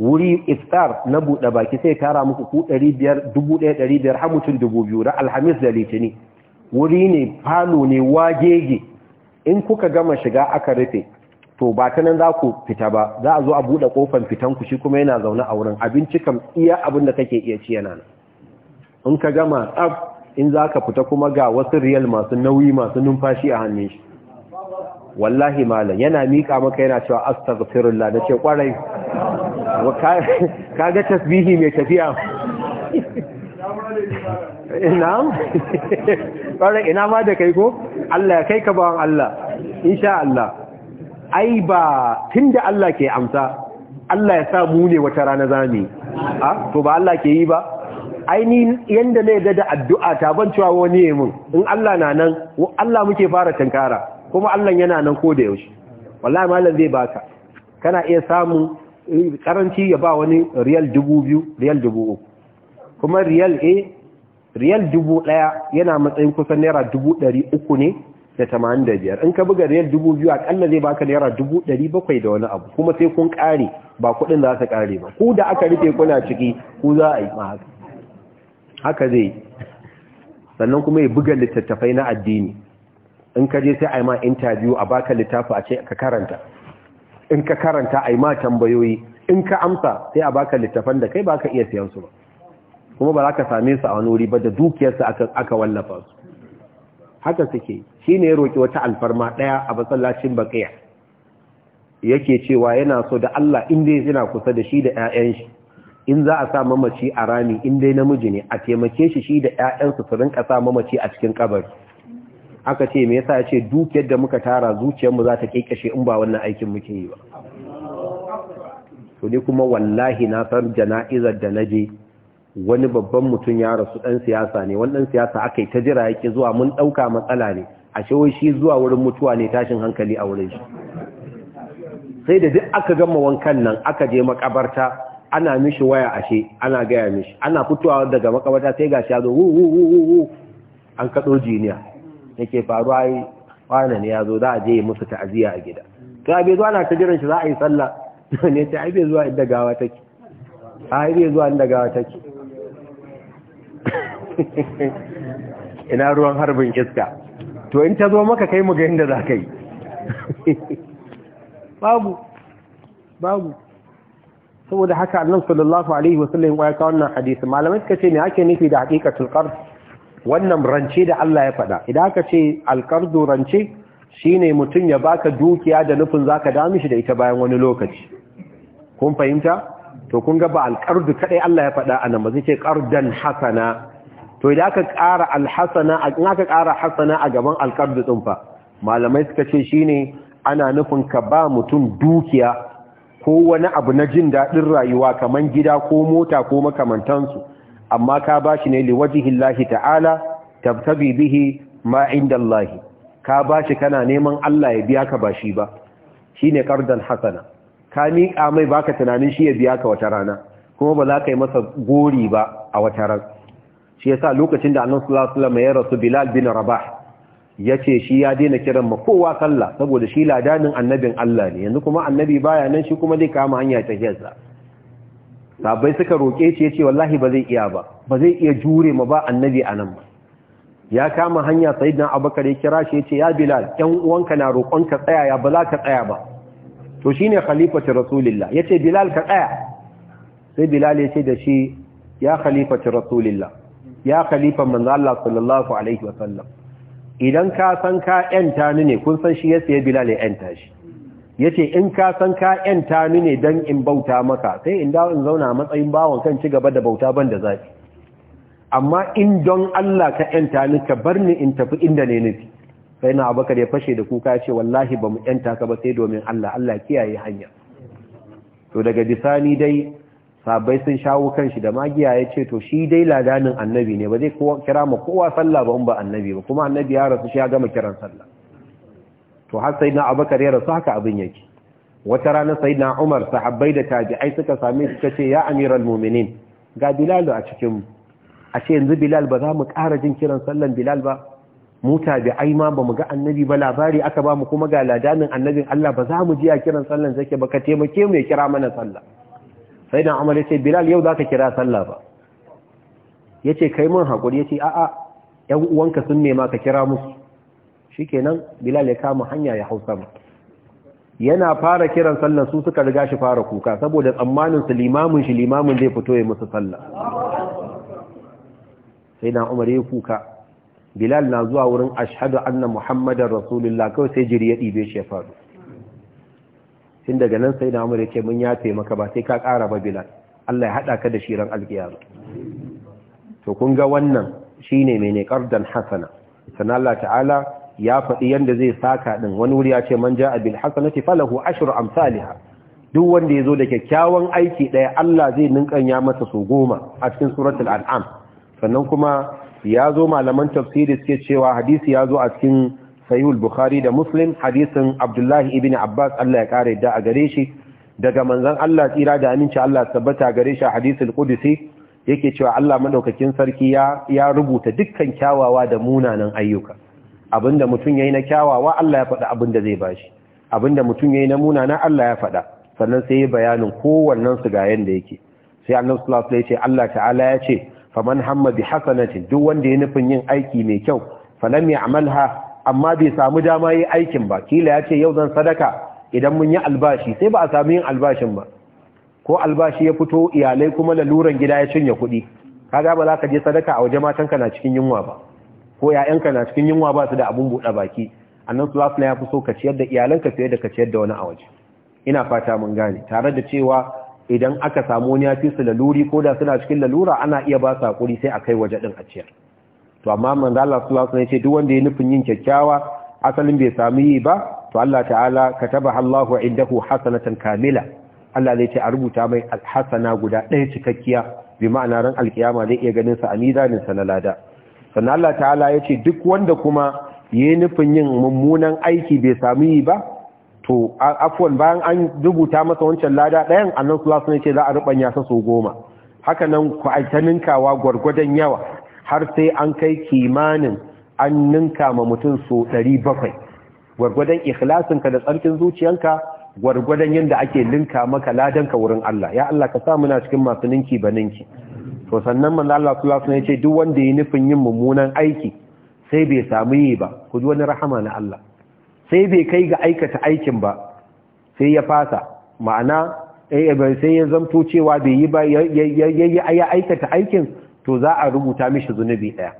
wuri iftar na buɗe baki sai kara muku ku ɗari 1500 har mutum 2000 da alhamis da litini wuri ne falo ne wagege in kuka gama shiga aka rufe to ba ta nan za ku fita ba za a zo a buɗe kofar fitan ku shi kuma yana zaune a wurin abinci kam iya abin da kake iya ci yana in ka gama tsaf in za ka fita kuma ga wasu riyal masu nauyi masu numfashi a hannun shi wallahi malam yana miƙa maka yana cewa astaghfirullah nace kwarai kaga tasbihi mai tafiya na'am kwarai ina ma da kai ko Allah ya kai ka bawan Allah insha Allah ai ba tunda Allah ke amsa Allah ya sa mu ne wata rana zami a to ba Allah ke yi ba aini yanda ne ga da addu'a ta ban cewa wani mun in Allah na nan Allah muke fara tankara kuma Allah yana nan ko da yaushe wallahi malam zai baka kana iya samu eh, karanci ya ba wani riyal 2000 riyal 3000 kuma riyal A eh, riyal 1000 yana matsayin kusan naira 300 ne da 85 in ka buga riyal 2000 akalla zai baka naira 700 da wani abu kuma sai kun kare ba kudin za su kare ba ku da aka rufe kuna ciki ku za a yi haka zai sannan kuma ya buga littattafai na addini in ka je sai a yi ma intabiyu a baka littafi a ce ka karanta in ka karanta a yi ma tambayoyi in ka amsa sai a baka littafan da kai baka iya siyan su ba kuma ba za ka same su a wani wuri ba da dukiyarsa aka wallafa su haka suke shi ne ya roƙi wata alfarma ɗaya a masallacin baƙiya yake cewa yana so da Allah in dai zina kusa da shi da 'ya'yan shi in za a sa mamaci a rami in dai namiji ne a taimake shi shi da 'ya'yansu su rinka sa mamaci a cikin kabari aka ce me yasa yace ce dukiyar da muka tara zuciyarmu za ta kekashe in ba wannan aikin muke yi ba to ni kuma wallahi na san jana'izar da naje wani babban mutum ya rasu dan siyasa ne wani dan siyasa aka ta jira yake zuwa mun dauka matsala ne ashe wai shi zuwa wurin mutuwa ne tashin hankali a wurin shi sai da duk aka gama wankan nan aka je makabarta ana mishi waya ashe ana gaya mishi ana fitowa daga makabarta sai gashi ya zo wu wu wu an kado jiniya yake faruwa ai wani ne ya zo za a je yi musu ta'aziya a gida to bai zuwa na ta jiran shi za a yi sallah ne ta ai bai zuwa inda gawa take ai bai zuwa inda gawa take ina ruwan harbin iska to in ta zo maka kai mu ga inda za ka yi babu babu saboda haka annabi sallallahu alaihi wasallam ya kawo wannan hadisi malamai suka ce me ake nufi da haqiqatul qard wannan rance da Allah ya faɗa idan aka ce alƙardu rance shine mutum ya baka dukiya da nufin zaka da shi da ita bayan wani lokaci kun fahimta to kun ga ba alƙardu kaɗai Allah ya faɗa anan ba zai ce qardan hasana to idan aka ƙara alhasana in aka ƙara hasana a gaban alƙardu din malamai suka ce shine ana nufin ka ba mutum dukiya ko wani abu na jin daɗin rayuwa kamar gida ko mota ko makamantansu amma ka bashi ne lahi ta'ala tabtabi bihi ma indallahi ka bashi kana neman Allah ya biya ka ba shi ba Shi shine qardan hasana ka miƙa mai baka tunanin shi ya biya ka wata rana kuma ba za ka yi masa gori ba a wata ran shi yasa lokacin da annabi sallallahu alaihi ya rasu Bilal bin Rabah ya ce shi ya daina kiran ma kowa sallah saboda shi ladanin annabin Allah ne yanzu kuma annabi baya nan shi kuma zai kama hanya ta hiyarsa sabai suka roƙe shi ya ce wallahi ba zai iya ba ba zai iya jure ma ba annabi a nan ba ya kama hanya sayyidina abubakar ya kira shi ya ce ya bilal yan uwanka na roƙon ka tsaya ya ba za ka tsaya ba to shine khalifatu rasulillah ya ce bilal ka tsaya sai bilal ya ce da shi ya khalifatu rasulillah ya khalifa manzo Allah sallallahu alaihi wa sallam. idan ka san ka yanta ni ne kun san shi ya sai bilal ya yanta shi ya ce in ka san ka yanta ni ne don in bauta maka sai in dawo in zauna matsayin bawon kan ci gaba da bauta ban da zafi amma in don Allah ka yanta ni ka bar ni in tafi inda ne nufi sai na abakar ya fashe da kuka ce wallahi ba mu yanta ka ba sai domin Allah Allah kiyaye hanya to daga bisani dai sabai sun shawo kan shi da magiya ya ce to shi dai ladanin annabi ne ba zai kira ma kowa sallah ba in ba annabi ba kuma annabi ya rasu shi ya gama kiran sallah to har sai na abakar ya rasu haka abin yake wata rana sai na umar sahabbai da tabi'ai suka sami suka ce ya amiral mu'minin ga bilal a cikin ashe yanzu bilal ba za mu ƙara jin kiran sallan bilal ba mu tabi'ai ma ba mu ga annabi ba labari aka ba mu kuma ga ladanin annabin Allah ba za mu ji a kiran sallan zake ba ka taimake mu ya kira mana sallah sai na umar ya ce bilal yau za ka kira sallah ba yace kai mun hakuri yace a'a yan uwanka sun nema ka kira musu shi nan, bilal ya kama hanya ya hausa sama yana fara kiran sallan su suka riga shi fara kuka saboda tsammanin su limamin shi limamin zai fito ya musu sallah sai na umar ya kuka bilal na zuwa wurin ashadu annan muhammadar rasulullah kawai sai jiri ya ɗibe shi ya faru tun daga nan sai na umar ya ce mun yafe maka ba sai ka ƙara ba bilal Allah ya haɗa ka da shirin alƙiyar to kun ga wannan shine mene ƙardan hasana allah ta'ala ya faɗi yadda zai saka ɗin wani wuri ya ce man ja'a bil hasanati falahu ashru amsalha duk wanda ya zo da kyakkyawan aiki ɗaya Allah zai ya masa su goma a cikin suratul al'am sannan kuma ya zo malaman tafsiri suke cewa hadisi ya zo a cikin sayul bukhari da muslim hadisin abdullahi ibn abbas Allah ya kare da a gare shi daga manzon Allah tsira da aminci Allah tabbata gare shi hadisin qudsi yake cewa Allah maɗaukakin sarki ya rubuta dukkan kyawawa da munanan ayyuka abinda mutum yayi na kyawawa Allah ya faɗa abinda zai bashi abinda mutum yayi na munana Allah ya faɗa sannan sai ya bayanin kowannen su ga yanda yake sai Annabi sallallahu alaihi ya ce Allah ta'ala ya ce faman hamma bi hasanatin duk wanda ya nufin yin aiki mai kyau falam ya'malha amma bai samu dama yi aikin ba kila ya ce yau zan sadaka idan mun yi albashi sai ba a samu yin albashin ba ko albashi ya fito iyalai kuma laluran gida ya cinye kuɗi kaga ba za ka je sadaka a waje matanka na cikin yunwa ba ko ‘ya'yanka na cikin yunwa ba su da abun buɗe baki annan su na ya fi so ka ciyar da iyalanka fiye da ka ciyar da wani a waje ina fata mun gane tare da cewa idan aka samu wani ya fi su laluri ko da suna cikin lalura ana iya ba su haƙuri sai a kai waje din a ciyar to amma manzo Allah sallallahu ya ce duk wanda ya nufin yin kyakkyawa asalin bai samu yi ba to Allah ta'ala Ka kataba Allahu indahu hasanatan kamila Allah zai ce a rubuta mai alhasana guda ɗaya cikakkiya bi ma'ana ran alkiyama zai iya ganin sa a mizanin sa na lada sannan Allah ta'ala ya ce duk wanda kuma ya yi nufin yin mummunan aiki bai sami yi ba to afuwan bayan an rubuta masa wancan lada ɗayan annan sulasu ne ce za a ruɓanya sa so goma haka nan ku aita ninkawa gwargwadon yawa har sai an kai kimanin an ninka ma mutum so ɗari bakwai gwargwadon ikhlasinka da tsarkin zuciyanka gwargwadon yadda ake ninka maka ladanka wurin Allah ya Allah ka sa muna cikin masu ninki ba ninki to sannan manzo Allah sallallahu alaihi wasallam duk wanda ya nufin yin mummunan aiki sai bai samu yi ba ku ji wani rahama na Allah sai bai kai ga aikata aikin ba sai ya fasa ma'ana eh, eh, sai ya zamto cewa bai yi ba ya aikata aikin to za a rubuta mishi zunubi daya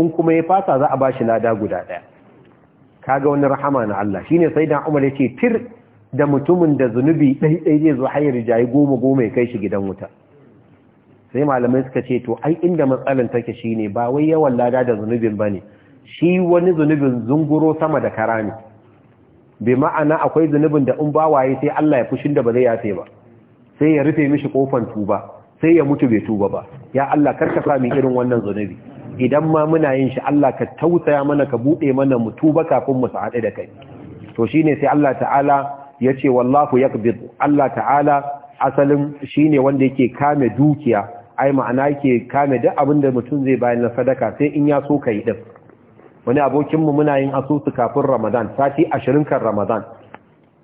in kuma ya fasa za a ba shi lada guda daya kaga wani rahama na Allah shine sai dan Umar ya ce, tir da mutumin da zunubi ɗai ɗai zai zo hayar jayi goma goma ya kai shi gidan wuta sai malamai suka ce to ai inda matsalan take shine ba wai yawan lada da zunubin ba ne. shi wani zunubin zunguro sama da kara ne bai ma'ana akwai zunubin da in ba waye sai Allah ya fushin da ba zai yafe ba sai ya rufe mishi kofan tuba sai ya mutu bai tuba ba ya Allah kar ka mu irin wannan zunubi idan ma muna yin shi Allah ka tausaya mana ka bude mana mu tuba kafin mu sa'ade da kai to shine sai Allah ta'ala yace wallahu yakbid Allah ta'ala asalin shine wanda yake kame dukiya ai ma'ana ke kame duk abin da mutum zai bayan na sadaka sai in ya so ka yi din wani abokinmu muna yin asusu kafin ramadan sati ashirin kan ramadan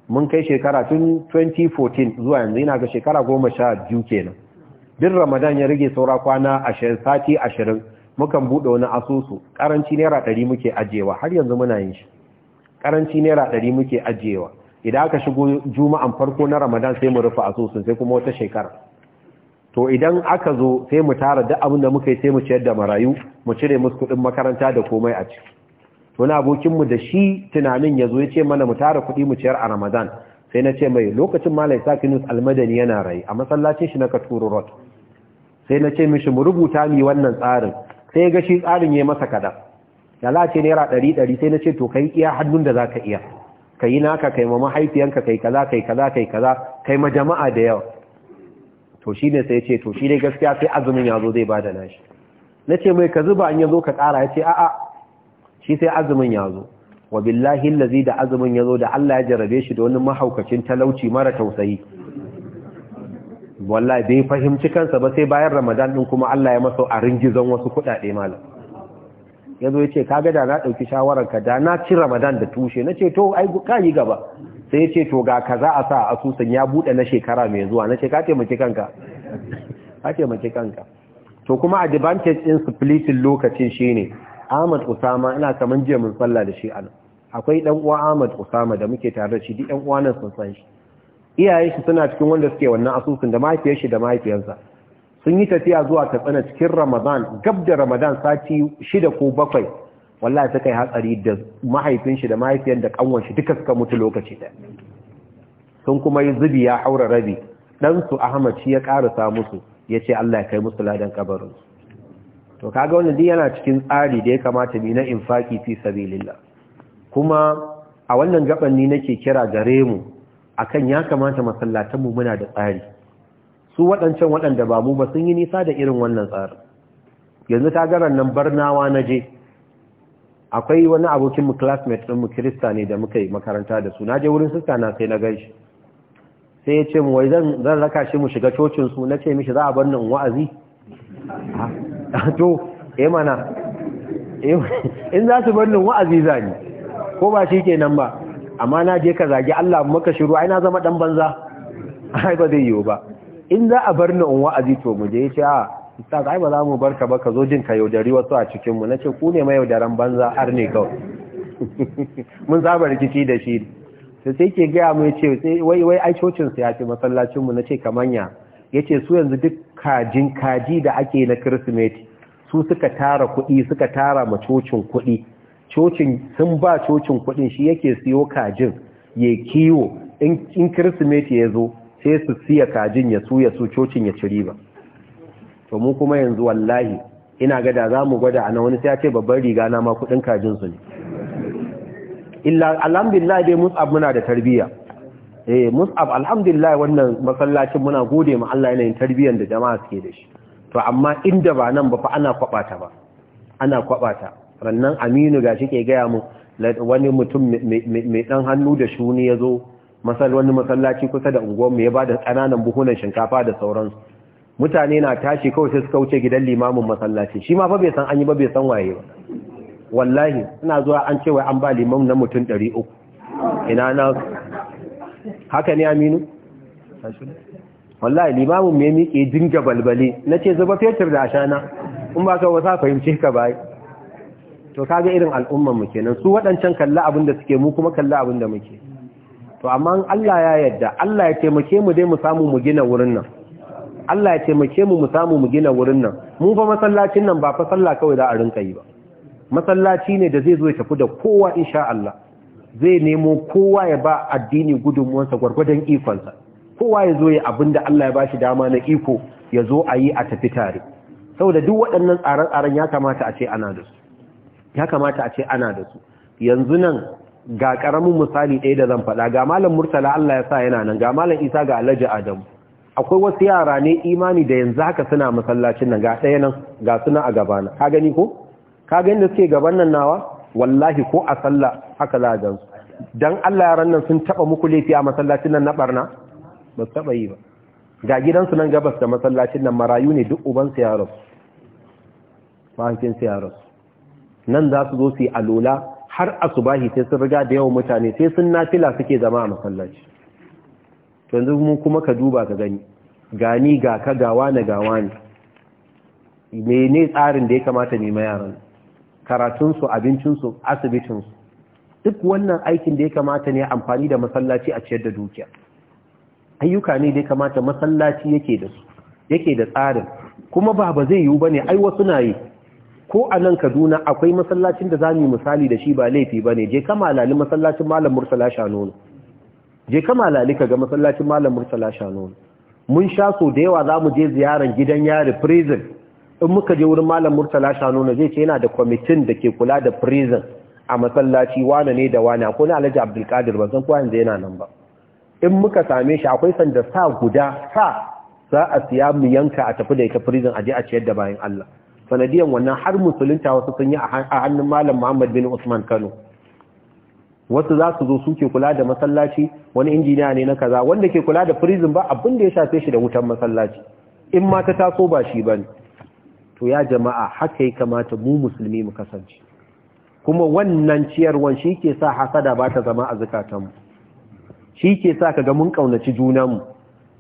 mun kai shekara tun 2014 zuwa yanzu yana ga shekara goma sha biyu kenan duk ramadan ya rage saura kwana ashirin sati ashirin mukan buɗe wani asusu ƙaranci naira ɗari muke ajiyewa har yanzu muna yin shi ƙaranci naira ɗari muke ajiyewa idan aka shigo juma'an farko na ramadan sai mu rufe asusun sai kuma wata shekara to idan aka zo sai mu tara duk abin da muka yi sai mu ciyar da marayu mu cire musu kuɗin makaranta da komai a ciki to wani abokinmu da shi tunanin ya zo ya ce mana mu tara kuɗi mu ciyar a ramadan sai na ce mai lokacin malai sakinus almadani yana rai a masallacin shi na katuru rot. sai na ce mishi mu rubuta ni wannan tsarin sai ya ga shi tsarin ya masa kada. da za ce naira ɗari ɗari sai na ce to kai iya hannun da za ka iya ka yi naka kai ma mahaifiyanka kai kaza kai kaza kai kaza kai ma jama'a da yawa to shi ne sai ce to shi ne gaskiya sai azumin ya zo zai ba da nashi na ce mai ka zuba an ya ka kara ya ce a'a shi sai azumin ya zo wa billahi lazi da azumin ya zo da Allah ya jarabe shi da wani mahaukacin talauci mara tausayi wallahi bai fahimci kansa ba sai bayan ramadan din kuma Allah ya masa a ringizan wasu kuɗaɗe malam ya zo ya ce kaga da na ɗauki shawarar ka da na ci ramadan da tushe na ce to ai ka yi gaba sai ya ce to ga za a sa asusun ya bude na shekara mai zuwa na ce ka taimaki kanka ka taimaki kanka to kuma advantage in splitting lokacin shine Ahmad Usama ina kaman jiya mun sallah da shi anan akwai dan uwa Ahmad Usama da muke tare da shi duk ɗan uwa nan sun san shi iyaye shi suna cikin wanda suke wannan asusun da mahaifiyar shi da mahaifiyarsa sun yi tafiya zuwa Katsina cikin Ramadan gab da Ramadan sati shida ko bakwai wallahi suka yi hatsari da mahaifin shi da mahaifiyar da kanwar shi duka suka mutu lokaci da sun kuma yi zubi ya haura rabi dan su Ahmad shi ya karasa musu ce Allah ya kai musu ladan kabarin to kaga wannan din yana cikin tsari da ya kamata ni na infaki fi sabilillah kuma a wannan gaban ni nake kira gare mu akan ya kamata masallatan mu muna da tsari su waɗancan waɗanda ba mu ba sun yi nisa da irin wannan tsarin yanzu ta garan nan barnawa na je akwai wani abokin mu classmate din mu Kirista ne da muka yi makaranta da su naje wurin sista na sai na gaishe sai ya ce mu wai zan zan raka shi mu shiga cocin su nace mishi za a bar ni in wa'azi to eh mana eh, in za su bar ni wa'azi zani ko ba shi kenan ba amma na je ka zagi Allah maka shiru ai na zama dan banza ai ba zai yiwu ba in za a bar ni in wa'azi to mu je ya ce a ustaz ai ba za mu barka ba ka zo jin yaudari wasu a cikinmu na ce ku ne mai yaudaran banza har ne kawai mun saba rikici da shi da sai ke gaya mu yace sai wai wai ai cocin su ya ce masallacin mu nace ya yace su yanzu duk kajin kaji da ake na kirsimeti su suka tara kuɗi suka tara ma cocin kuɗi cocin sun ba cocin kuɗin shi yake siyo kajin ya kiwo in kirsimeti ya zo sai su siya kajin ya su ya su cocin ya ci riba to mu kuma yanzu wallahi ina gada za mu gwada a wani sai ya ce babban riga na ma kudin kajin su ne alhamdulillah dai mus'ab muna da tarbiyya eh mus'ab alhamdulillah wannan masallacin muna gode ma Allah yanayin tarbiyyar da jama'a suke da shi to amma inda ba nan ba fa ana kwabata ba ana kwabata rannan Aminu gashi ke gaya mu wani mutum mai dan hannu da shuni yazo masal wani masallaci kusa da unguwar mu ya bada kananan buhunan shinkafa da sauransu mutane na tashi kawai sai suka wuce gidan limamin masallaci shi ma fa bai san an yi ba bai san waye ba wallahi suna zuwa an cewa an ba limam na mutum 300 ina na haka ne aminu wallahi limamin me miƙe dinga balbali Na ce zuba fetur da ashana in ba ka wasa fahimci ka bai to kaga irin al'umman mu kenan su waɗancan kalla abin da suke mu kuma kalla abin da muke to amma Allah ya yarda Allah ya taimake mu dai mu samu mu gina wurin nan Allah ya taimake mu mu samu mu gina wurin nan mu fa masallacin nan ba fa sallah kawai da a rinka yi ba masallaci ne da zai zo ya tafi da kowa insha Allah zai nemo kowa ya ba addini sa gwargwadon ikonsa kowa ya zo ya abinda da Allah ya ba shi dama na iko ya zo a yi a tafi tare saboda duk waɗannan tsare-tsaren ya kamata a ce ana da su ya kamata a ce ana da su yanzu nan ga karamin misali ɗaya da zan faɗa ga malam murtala Allah ya sa yana nan ga malam isa ga alhaji adamu akwai wasu yara ne imani da yanzu haka suna masallacin nan ga ɗaya nan ga suna a gabana ka gani ko ka gani da suke gaban nan nawa wallahi ko a sallah haka za a gan su dan Allah yaran nan sun taba muku laifi a masallacin nan na barna ba su taba yi ba ga gidansu nan gabas da masallacin nan marayu ne duk uban su yaran mahaifin su yaran nan za su zo su yi alola har asubahi sai sun riga da yawan mutane sai sun nafila suke zama a masallaci to yanzu mun kuma ka duba ka gani gani ga ka gawa na gawa ne mene tsarin da ya kamata nema yaran karatunsu abincinsu asibitinsu duk wannan aikin da ya kamata ne amfani da masallaci a ciyar da dukiya ayyuka ne da ya kamata masallaci yake da su yake da tsarin kuma ba ba zai yiwu ba ne ai wasu na yi ko a nan kaduna akwai masallacin da za mu yi misali da shi ba laifi ba ne je ma lali masallacin malam mursala shanono je kama lalika ka ga masallacin malam murtala shanu mun sha so da yawa za mu je ziyarar gidan yari prison in muka je wurin malam murtala shanu zai ce yana da kwamitin da ke kula da prison a masallaci wane ne da wane akwai alhaji abdulkadir ban san ko yanzu yana nan ba in muka same shi akwai sanda sa guda sa za a siya mu yanka a tafi da ita prison a je a ciyar da bayan Allah sanadiyan wannan har musulunta wasu sun yi a hannun malam Muhammad bin Usman Kano wasu za su zo suke kula da masallaci wani injiniya ne na kaza wanda ke kula da prison ba abin da ya shafe shi da wutan masallaci in ma ta taso ba shi ba to ya jama'a haka ya kamata mu musulmi mu kasance kuma wannan ciyarwan shi ke sa hasada ba ta zama a zukatanmu shi ke sa ka ga mun ƙaunaci junanmu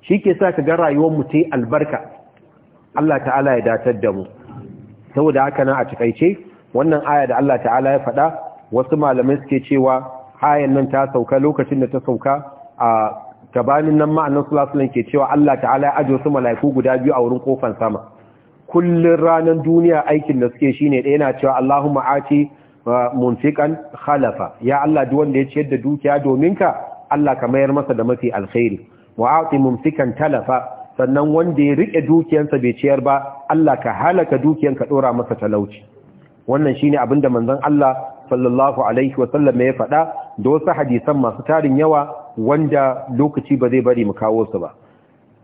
shi ke sa ka ga rayuwarmu ta yi albarka Allah ta'ala ya datar da mu saboda haka na a cikaice, wannan aya da Allah ta'ala ya faɗa wasu malamai suke cewa ayan nan ta sauka lokacin da ta sauka a gabanin nan ma'anar sulasulan ke cewa Allah ta'ala ya ajiye su mala'iku guda biyu a wurin kofan sama kullun ranar duniya aikin da suke shine ɗaya na cewa Allahumma ati uh, muntikan khalafa ya Allah duk wanda ya ciyar da dukiya domin ka Allah ka mayar masa da mafi alkhairi wa ati talafa sannan wanda ya rike dukiyansa bai ciyar ba Allah ka halaka ka ɗora masa talauci wannan shine abinda manzon Allah sallallahu alaihi wasallam ya faɗa da wasu hadisan masu tarin yawa wanda lokaci ba zai bari mu kawo su ba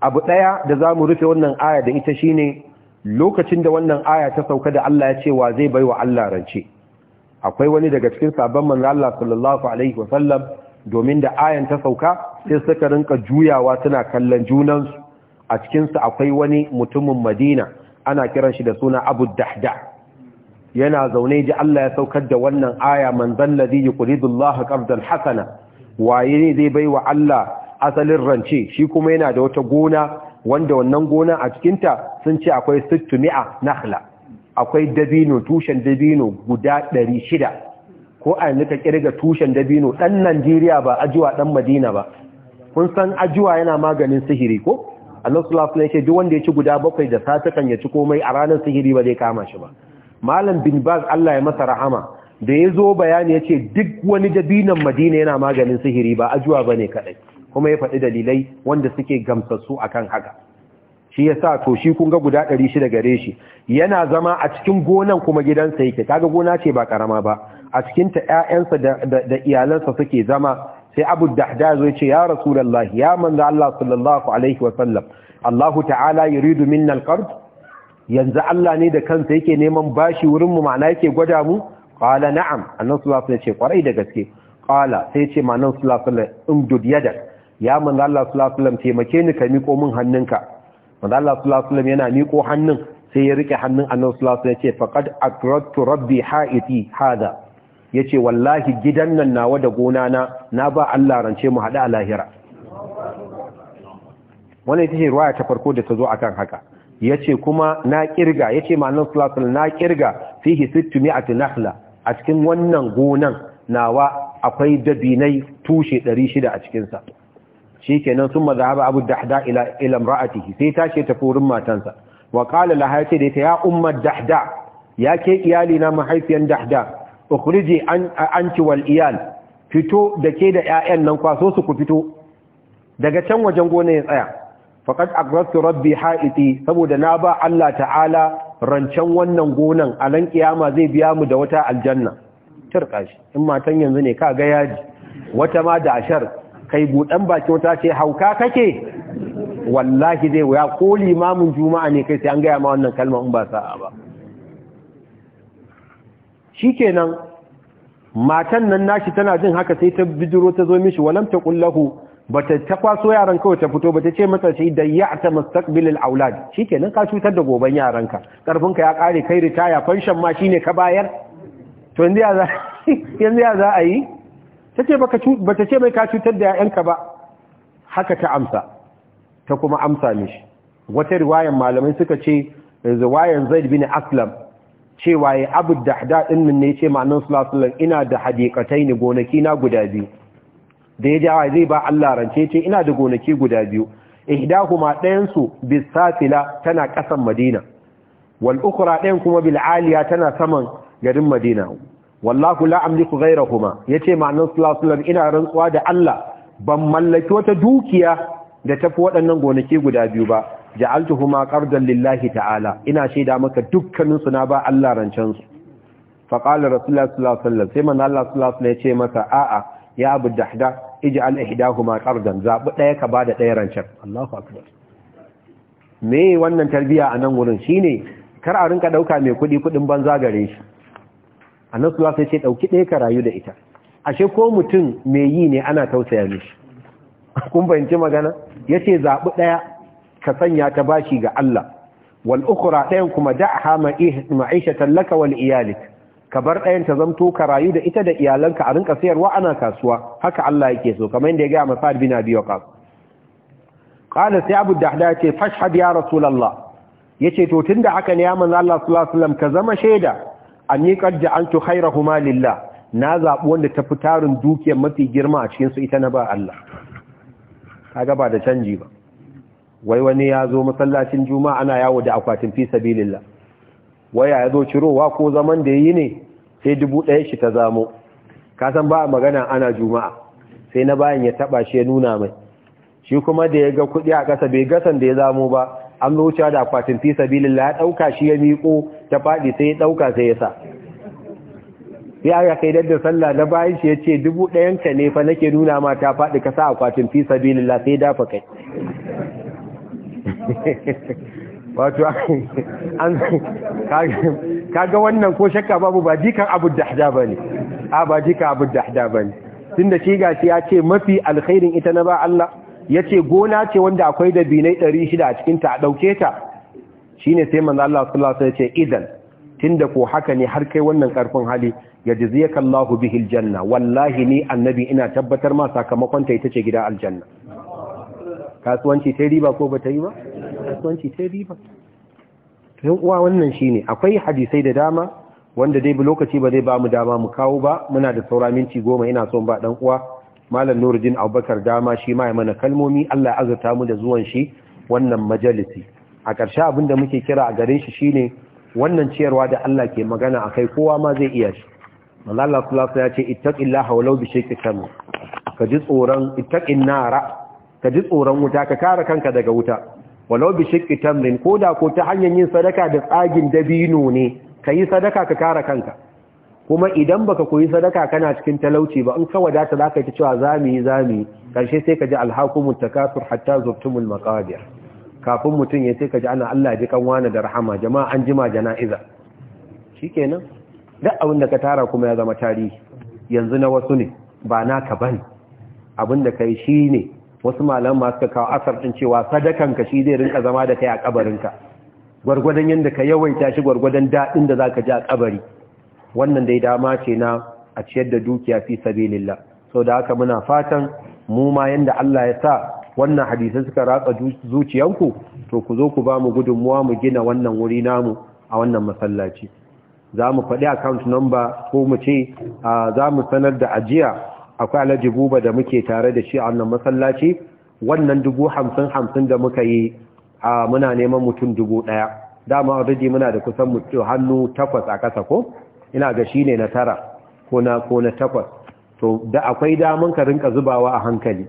abu ɗaya da za mu rufe wannan aya da ita shine lokacin da wannan aya ta sauka da Allah ya ce wa zai bai wa Allah rance akwai wani daga cikin sabon manzo Allah sallallahu alaihi wasallam domin da ayan ta sauka sai suka rinka juyawa suna kallon junansu a cikinsu akwai wani mutumin Madina ana kiran shi da suna Abu Dahda yana zaune ji Allah ya saukar da wannan aya man zalladhi yuridu Allah qardan hasana waye ne zai baiwa Allah asalin rance shi kuma yana da wata gona wanda wannan gona a cikin ta sun ce akwai mi'a nakhla akwai dabino tushen dabino guda 600 ko a yanzu ka kirga tushen dabino dan Najeriya ba ajuwa dan Madina ba kun san ajuwa yana maganin sihiri ko Allah sallallahu alaihi wasallam ya ce duk wanda ya ci guda bakwai da sata kan ya ci komai a ranar sihiri ba zai kama shi ba malam bin baz Allah ya masa rahama da ya zo bayani ya ce duk wani dabinan madina yana maganin sihiri ba ajuwa ba ne kaɗai kuma ya faɗi dalilai wanda suke gamsassu a kan haka shi ya sa to shi kun ga guda ɗari shida gare shi yana zama a cikin gonan kuma gidansa yake kaga gona ce ba ƙarama ba a cikinta ‘ya'yansa da iyalansa suke zama sai abu dahda zo ce ya rasulallah ya manzo Allah sallallahu alaihi sallam. Allahu ta'ala yuridu minnal qard yanzu Allah ne da kansa yake neman bashi wurin mu ma'ana yake gwada mu qala na'am annabi sallallahu alaihi ce kwarai da gaske qala sai ce ma annabi sallallahu alaihi umdud yadak ya manzo Allah sallallahu alaihi taimake ni ka miko min hannunka manzo Allah sallallahu alaihi yana miko hannun sai ya rike hannun annabi sallallahu alaihi ce faqad aqradtu rabbi haiti hada yace wallahi gidan nan nawa da gona na na ba Allah rance mu hada a lahira wannan ita ce ruwaya ta farko da ta zo akan haka yace kuma na kirga yace ma'anar salatul na kirga fihi sittu a nahla a cikin wannan gonan nawa akwai dabinai tushe 600 a cikinsa sa sun maza haɓa abu dahda ila ila imra'atihi sai ce ta furin matansa wa qala laha yace da ita ya ummar dahda ya ke iyali na mahaifiyan dahda ukhriji an anti wal iyal fito da ke da 'ya'yan nan kwaso su ku fito daga can wajen gonan ya tsaya Fakat agrastu rabbi haiti saboda na ba Allah ta'ala rancen wannan gonan a nan kiyama zai biya mu da wata aljanna turka shi in matan yanzu ne ka ga yaji wata ma da ashar kai buɗan baki wata ce hauka kake wallahi zai waya ko limamin juma'a ne kai sai an gaya ma wannan kalma in ba sa'a ba shikenan matan nan nashi tana jin haka sai ta bijiro ta zo mishi walam ƙullahu. bata ta kwaso yaran kawai ta fito bata ce masa shi da ya ta al aulad shikenan ka cutar da goban yaranka ka ya kare kai ritaya pension ma shine ka bayar to yanzu ya za yanzu ya za a yi tace baka bata ce mai ka cutar da yayanka ba haka ta amsa ta kuma amsa mishi wata riwayar malamai suka ce riwayan Zaid bin Aslam cewa ya Abu Dahda din ne ce ma'anin sallallahu ina da hadikatai ne gonaki na guda biyu da ya jawa zai ba Allah rance ce ina da gonaki guda biyu ihdahuma ɗayansu bisafila tana kasan madina wal ukhra dayan kuma bil aliya tana saman garin madina wallahu la amliku ghayrahuma yace ma'anar sallallahu alaihi ina rantsuwa da Allah ban mallaki wata dukiya da tafi waɗannan gonaki guda biyu ba ja'altuhuma qardan lillahi ta'ala ina shaida maka dukkanin su na ba Allah rancen su fa rasulullahi sallallahu alaihi wasallam sai manzo Allah sallallahu alaihi wasallam ya ce masa a'a ya abu da hada dahda ij'al kuma ƙardan zaɓi ɗaya ka ba da ɗaya rancen Allahu akbar me wannan tarbiyya a nan wurin? Shi ne kar a rinka ɗauka mai kuɗi, kuɗin banza gare shi a nan suwa sai ce ɗauki ɗaya ka rayu da ita ashe ko mutum mai yi ne ana tausaya mishi kun bayanci magana Ya ce zaɓi ɗaya ka sanya ta bashi ga Allah wal uku raɗayan kuma da'ha ma'ishatan laka wal ka bar ɗayan ta zamto ka rayu da ita da iyalanka a rinka sayarwa ana kasuwa haka Allah yake so kamar yadda ya gaya masa bin abi waqas qala sai abu dahda ce fashhad ya rasulullah yace to tunda haka ne ya manzo Allah sallallahu alaihi wasallam ka zama shaida anni qad ja'altu khairahuma lillah na zabu wanda ta fi tarin dukiyar mafi girma a cikin su ita na ba Allah kaga ba da canji ba wai wani ya zo masallacin juma'a ana yawo da akwatin fi sabilillah waya ya zo cirowa ko zaman da yi ne sai dubu ɗaya shi ta zamo kasan ba magana ana juma'a sai na bayan ya taɓa shi ya nuna mai shi kuma da ya ga kuɗi a ƙasa bai gasan da ya zamo ba an wucewa da akwatin fi sabilillah ya ɗauka shi ya miƙo ta faɗi sai ya ɗauka sai ya sa sai aka kai dadda sallah na bayan shi ya ce dubu ɗayanka ne fa nake nuna ma ta faɗi ka sa akwatin fi sabilillah sai dafa kai wato an kaga wannan ko shakka babu ba jikan abu dahda bane a ba jika abu dahda bane tunda shi gashi ya ce mafi alkhairin ita na ba Allah yace gona ce wanda akwai da dabinai 600 a cikinta a ɗauke ta shine sai manzo Allah sallallahu alaihi ya ce idan tunda ko haka ne har kai wannan karfin hali Ya yajziyaka kallahu bihil janna wallahi ni annabi ina tabbatar ma sakamakon ta ita ce gida aljanna kasuwanci ta yi riba ko ba ta yi ba kasuwanci sai riba yan uwa wannan shine akwai hadisai da dama wanda dai bi lokaci ba zai ba mu dama mu kawo ba muna da saura minti goma ina son ba dan uwa malam nuruddin abubakar dama shi ma ya mana kalmomi Allah ya azurta mu da zuwan shi wannan majalisi a ƙarshe abin da muke kira a garin shi shine wannan ciyarwa da Allah ke magana akai kowa ma zai iya shi Allah sallallahu ya ce ittaqillaha walau bi shay'in kamar ka ji tsoron ittaqin nara ka ji tsoron wuta ka kare kanka daga wuta walau bi tamrin ko ko ta hanyar yin sadaka da tsagin dabino ne kayi sadaka ka kare kanka kuma idan baka koyi sadaka kana cikin talauci ba in ka wadata zaka yi cewa zami zami karshe sai ka ji alhakumut takasur hatta zurtumul maqabir kafin mutum ya sai ka ji ana Allah ji kan wani da rahama jama'a an jima jana'iza shikenan duk abin da ka tara kuma ya zama tarihi yanzu na wasu ne ba naka bane abin da kai shine wasu malaman masu ka kawo asar ɗin cewa sadakanka shi zai rinka zama da kai a kabarinka gwargwadon yadda ka yawaita shi gwargwadon daɗin da za ka ji a kabari wannan dai dama ce na a ciyar da dukiya fi Sau da haka muna fatan mu ma yadda Allah ya sa wannan hadisai suka ratsa zuciyanku to ku zo ku ba mu gudunmuwa mu gina wannan wuri namu a wannan masallaci za mu faɗi account number ko mu ce za mu sanar da ajiya akwai alhaji buba da muke tare da shi a wannan masallaci wannan dubu hamsin hamsin da muka yi a muna neman mutum dubu ɗaya dama already muna da kusan mutum hannu takwas a ƙasa ko ina ga shi ne na tara ko na ko na takwas to da akwai daman ka rinka zubawa a hankali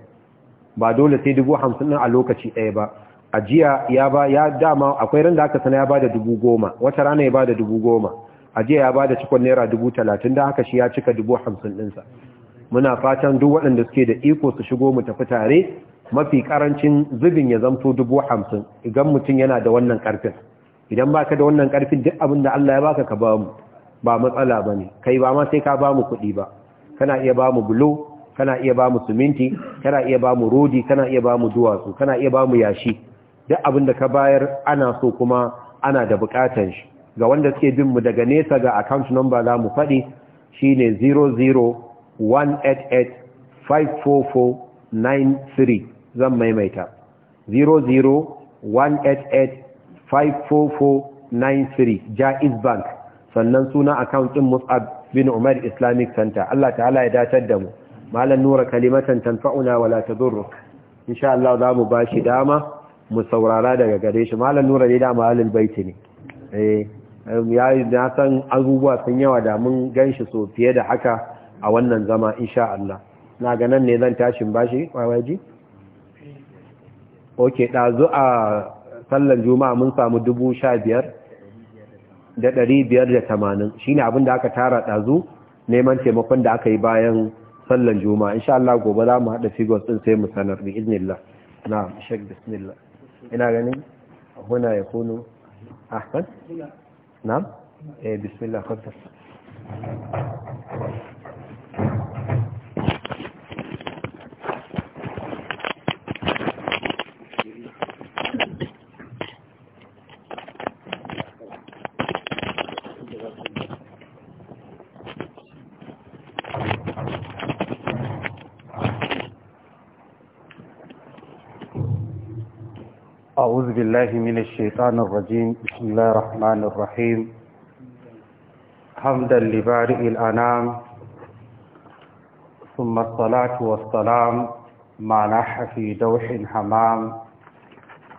ba dole sai dubu hamsin ɗin a lokaci ɗaya ba a jiya ya ba ya dama akwai ran da aka sana ya ba da dubu goma wata rana ya ba da dubu goma a jiya ya ba da cikon naira dubu talatin da haka shi ya cika dubu hamsin ɗinsa muna fatan duk waɗanda suke da iko su shigo mu tafi tare mafi karancin zubin ya zamto dubu hamsin idan mutum yana da wannan karfin idan baka da wannan karfin duk abin da Allah ya baka ka bamu ba matsala ba ne kai ba ma sai ka bamu kuɗi ba kana iya bamu bulo kana iya bamu siminti kana iya bamu rodi kana iya bamu duwatsu kana iya bamu yashi duk abin da ka bayar ana so kuma ana da buƙatar shi ga wanda suke bin mu daga nesa ga account number za mu faɗi shine 00 0018854493 zan maimaita 0018854493 544 jaiz bank sannan suna akauntin mus'ab bin umar islamic center Allah ta'ala ya datar da mu malan nura kalimatan tanfa'una wala tadurruk insha Allah za mu bashi dama mu saurara daga gare shi malan nura ne dama halin baiti ne eh ya na san abubuwa sun yawa da mun ganshi so fiye da haka a wannan zama insha Allah na ganin ne zan tashin bashi wawaji ok ɗazu a sallan juma'a mun samu dubu sha biyar da ɗari biyar da tamanin shi ne abinda da aka tara ɗazu neman taimakon da aka yi bayan sallan juma'a insha Allah gobe za mu haɗa figos ɗin sai mu sanar bi iznillah na shek bismillah ina ganin huna ya kunu ahmad na eh bismillah kwantar بالله من الشيطان الرجيم بسم الله الرحمن الرحيم حمدا لبارئ الأنام ثم الصلاة والسلام ما نح في دوح حمام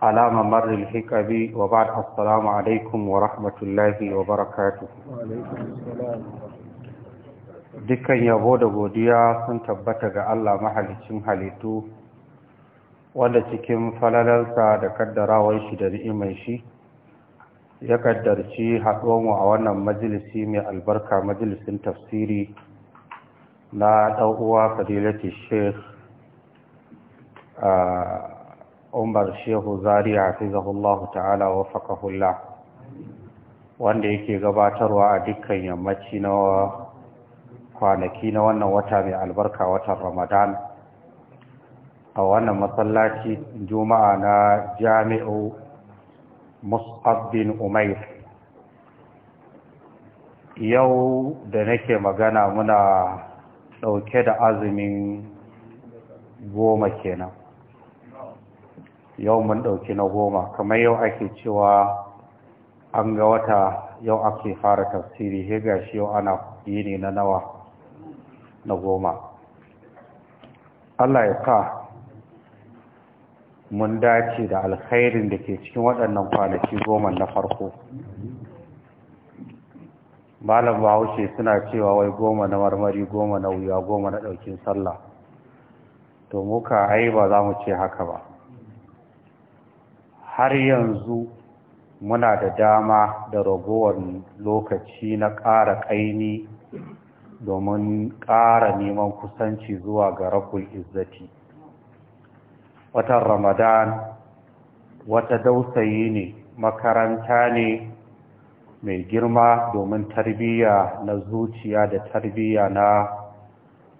على ممر الحكب وبعد السلام عليكم ورحمة الله وبركاته وعليكم السلام dukkan yabo da godiya sun tabbata ga Allah mahalicin halittu wanda cikin falalarsa da kaddarawar shi da ri'imai shi ya kaddarci haɗuwanmu a wannan majalisi mai albarka majalisin tafsiri na ɗan'uwa fadilati sheikh umar shehu zariya fi zahullahu ta'ala wa faƙahullah wanda yake gabatarwa a dukkan yammaci na kwanaki na wannan wata mai albarka watan ramadan a wannan masallaci juma'a na jami'u mus'ab bin umair yau da nake magana muna ɗauke da azumin goma kenan yau mun ɗauki na goma kamar yau ake cewa an ga wata yau ake fara tafsiri hega shi yau ana yi ne na nawa na goma Allah ya ka mun dace da alkhairin da ke cikin waɗannan kwanaki goma na farko malam ba haushe suna cewa wai goma na marmari goma na wuya goma na ɗaukin sallah to muka ai ba za mu ce haka ba har yanzu muna da dama da ragowar lokaci na ƙara ƙaini domin ƙara neman kusanci zuwa ga rabbul izzati watan ramadan wata dausayi ne makaranta ne mai girma domin tarbiyya na zuciya da tarbiyya na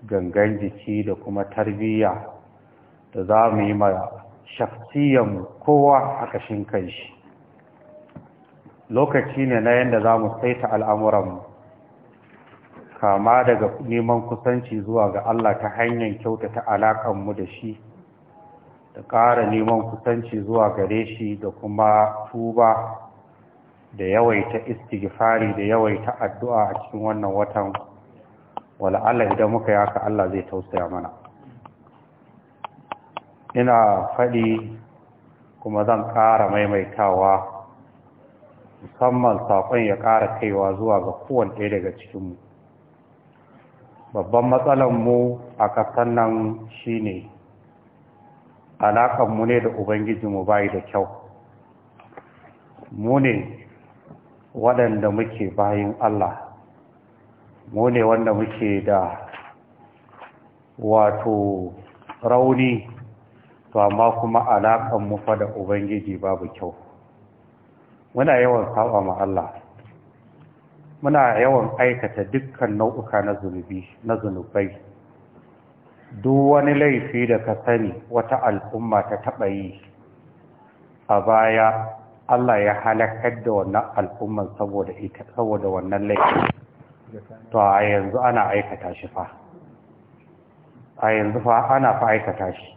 gangan jiki da kuma tarbiyya da za mu yi ma shaksiyanmu kowa a kashin kanshi lokaci ne na yadda za mu saita al'amuranmu kama daga neman kusanci zuwa ga Allah ta hanyar kyauta ta alaƙanmu da shi da ƙara neman kusanci zuwa gare shi da kuma tuba da yawaita istighfari da yawaita addu'a a cikin wannan watan wala'ala idan muka yi haka Allah zai tausaya mana ina faɗi kuma zan ƙara maimaitawa musamman saƙon ya ƙara kaiwa zuwa ga kowane ɗaya daga cikinmu babban mu a ƙasar nan shi ne. alaƙar mu ne da ubangiji mu bayi da kyau mu ne waɗanda muke bayin Allah mu ne wanda muke da wato rauni to amma kuma alaƙar mu fa da ubangiji babu kyau muna yawan saba ma Allah muna yawan aikata dukkan nau'uka na zunubi na zunubai duk wani laifi da ka sani wata al'umma ta taɓa yi a baya Allah ya halakar da wannan al'umman saboda ita saboda wannan laifi to a yanzu ana aikata shi fa a yanzu fa ana fa aikata shi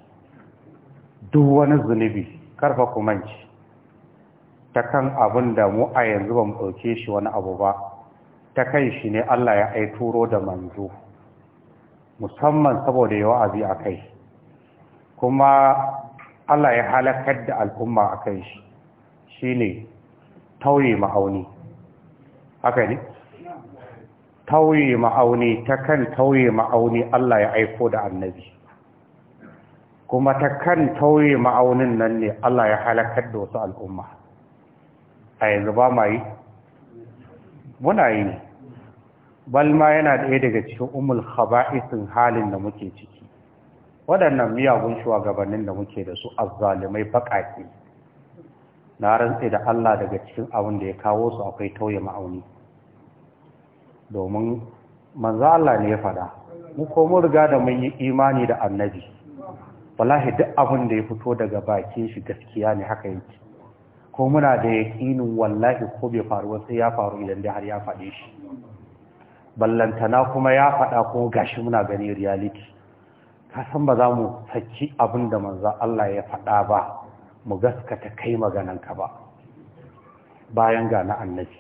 duk wani zunubi karfa kumanci ta kan abin da mu a yanzu ba mu ɗauke shi wani abu ba ta kan shi ne Allah ya aituro da manzo musamman saboda ya wa'azi a kai kuma Allah ya halakar da al'umma a kai shi shi ne tauye ma'auni haka ne? tauye ma'auni ta kan tauye ma'auni Allah ya aiko da annabi kuma ta kan tauye ma'aunin nan ne Allah ya halakar da wasu al'umma a yanzu ba ma yi? muna yi ne balma yana ɗaya daga cikin umul khaba'isin halin da muke ciki waɗannan miyagun shugabannin da muke da su azzalimai baƙaƙe na rantse da Allah daga cikin abin da ya kawo su akwai tauye ma'auni domin manzo Allah ne ya faɗa mu ko mun riga da mun yi imani da annabi wallahi duk abin da ya fito daga bakin shi gaskiya ne haka yake ko muna da yaƙinin wallahi ko bai faru sai ya faru idan dai har ya faɗe shi ballantana kuma ya faɗa kuma gashi muna gani reality Ka san ba za mu saki abin da manzan Allah ya faɗa ba mu gaskata kai magananka ba bayan ga na annabi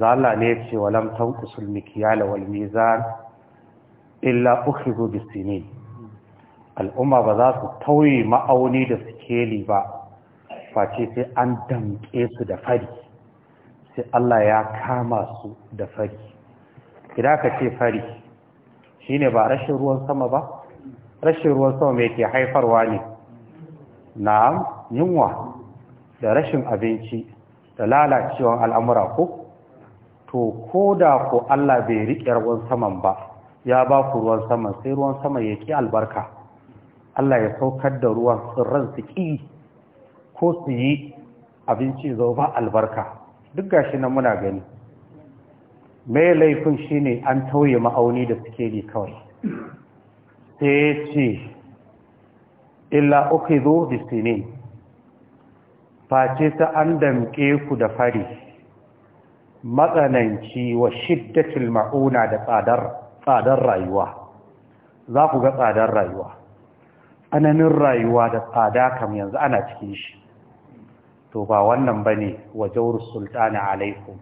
Allah ne ya ce walam tanqusul mikyala wal mizan illa ukhizu bisinin al'umma ba za su tauye ma'auni da sikeli ba face sai an damƙe su da fari sai Allah ya kama su da fari idan ka ce fari shine ba rashin ruwan sama ba rashin ruwan sama mai ke haifarwa ne na yunwa da rashin abinci da lalacewan al'amura ko to ko da ko Allah bai riƙe ruwan saman ba ya ba ku ruwan saman sai ruwan sama ya ƙi albarka Allah ya saukar da ruwan tsirran su ƙi ko su yi abinci zo ba albarka duk gashi nan muna gani mai laifin shine an tauye ma'auni da suke ne kawai sai ce illa uku zo da sinin face ta an damƙe ku da fari matsananci wa shiddatul ma'una da tsadar rayuwa za ku ga tsadar rayuwa ananin rayuwa da tsada kam yanzu ana cikin shi to ba wannan ba bane wajawar sultana alaikum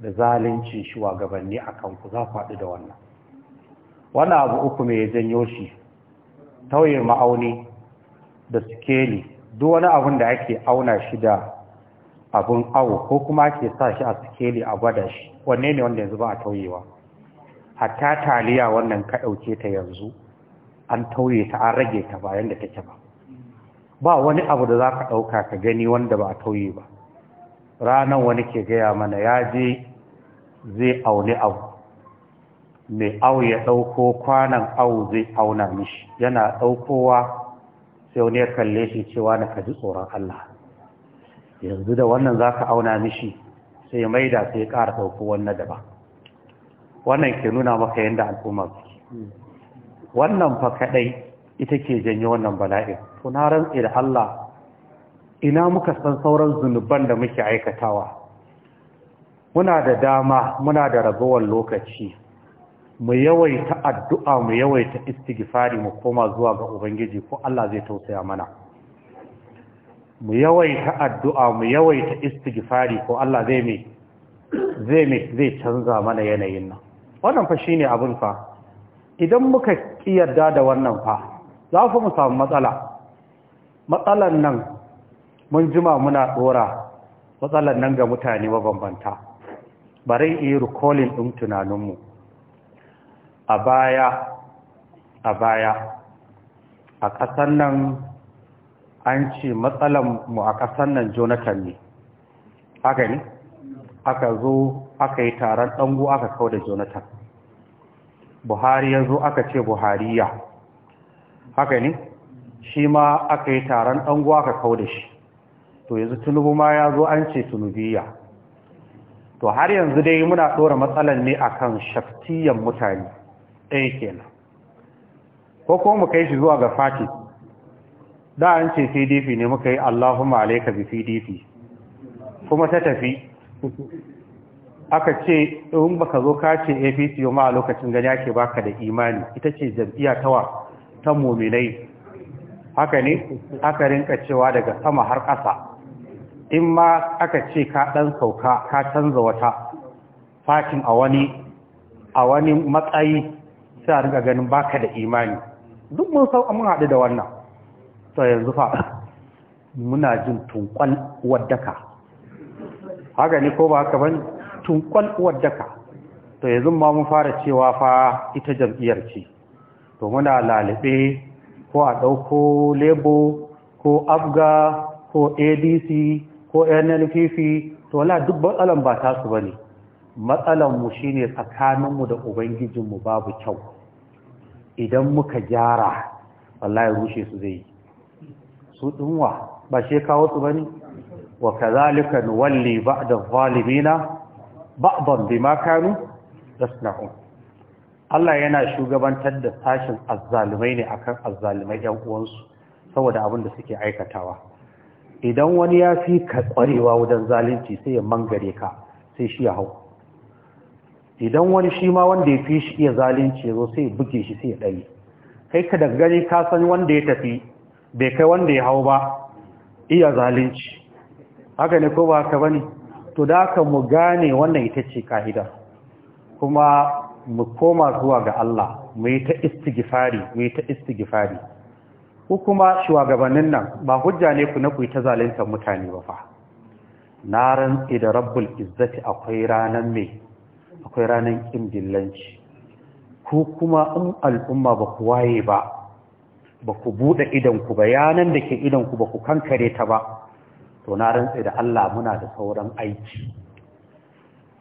da zalincin shugabanni a kanku za faɗi da wannan wannan abu uku mai janyo shi tauyin ma'auni da sikeli duk wani abun da ake auna shi da abun awo ko kuma ake sa shi a sikeli a gwada shi wanne ne wanda yanzu ba a tauyewa hatta taliya wannan ka ɗauke ta yanzu an tauye ta an rage ta bayan da take ba ba wani abu da za ka ɗauka ka gani wanda ba a tauye ba Ranan wani ke gaya mana ya je zai auni au mai au ya ɗauko kwanan au zai auna mishi yana ɗaukowa sai wani ya kalle shi cewa na kaji tsoron Allah yanzu da wannan za ka auna mishi sai ya maida sai ya ƙara ɗauko wannan daban wannan ke nuna maka yadda al'umma suke wannan fa kaɗai ita ke janyo wannan bala'in to na rantse Allah ina muka san sauran zunuban da muke aikatawa muna da dama muna da rabuwar lokaci mu yawaita addu'a mu yawaita istighfari mu koma zuwa ga ubangiji ko Allah zai tausaya mana mu yawaita addu'a mu yawaita istighfari ko Allah zai mai zai mai zai canza mana yanayin nan wannan fa ne abin fa idan muka kiyarda da wannan fa za mu samu matsala matsalan nan mun jima muna ɗora matsalar nan ga mutane mabambanta bari yi rikolin ɗin tunaninmu a baya a baya a ƙasar nan an ce mu a ƙasar nan jonathan ne haka ne aka zo aka yi taron ɗangu aka kawo da jonathan buhari ya zo aka ce buhariya haka ne shi ma aka yi taron ɗangu aka kawo da shi to yanzu tulubu ma ya zo an ce tulubiya to har yanzu dai muna ɗora matsalan ne akan shaftiyan mutane ɗaya kenan ko ko mu kai shi zuwa ga fati da an ce pdp ne muka yi allahumma alaika bi pdp kuma ta tafi aka ce in baka zo ka ce apc yau ma a lokacin gani ake baka da imani ita ce jam'iyya tawa ta muminai haka ne aka rinka cewa daga sama har ƙasa in ma aka ce ka ɗan sauka ka canza wata fatin a wani a wani matsayi sai ganin baka da imani duk mun sau mun haɗu da wannan to yanzu fa muna jin tunkwal waddaka haka ne ko ba haka bane tunkwal waddaka to yanzu ma mun fara cewa fa ita jam'iyyar ce to muna lalabe ko a ɗauko lebo ko abga ko adc ko nnpp to wala duk matsalan ba tasu ba ne matsalanmu shi ne tsakaninmu da ubangijinmu babu kyau idan muka gyara wallahi rushe su zai yi. su ɗinwa ba shi kawo su ba ne wa kazalika valimina Ba zalimina ba'dan bima kanu yasna'un Allah yana shugabantar da sashin azzalumai ne akan azzalumai 'yan uwansu saboda abin da suke aikatawa idan wani ya fi ka kwarewa wajen zalunci sai ya mangare ka sai shi ya hau idan wani shi ma wanda ya fi shi iya zalunci ya zo sai ya buge shi sai ya ɗari kai ka dangane ka san wanda ya tafi bai kai wanda ya hau ba iya zalunci haka ne ko ba haka ba ne to da aka mu gane wannan ita ce ka'ida kuma mu koma zuwa ga Allah mu yi ta istigifari mu yi ta istigifari ko kuma shugabannin nan ba hujja ne ku na ku ta zaluntar mutane ba fa na rantsi da rabbul izzati akwai ranan me akwai ranan kin dillanci ku kuma in al'umma ba ku waye ba ba ku bude idan ku bayanan da ke idan ku ba ku kankare ta ba to na rantsi da Allah muna da sauran aiki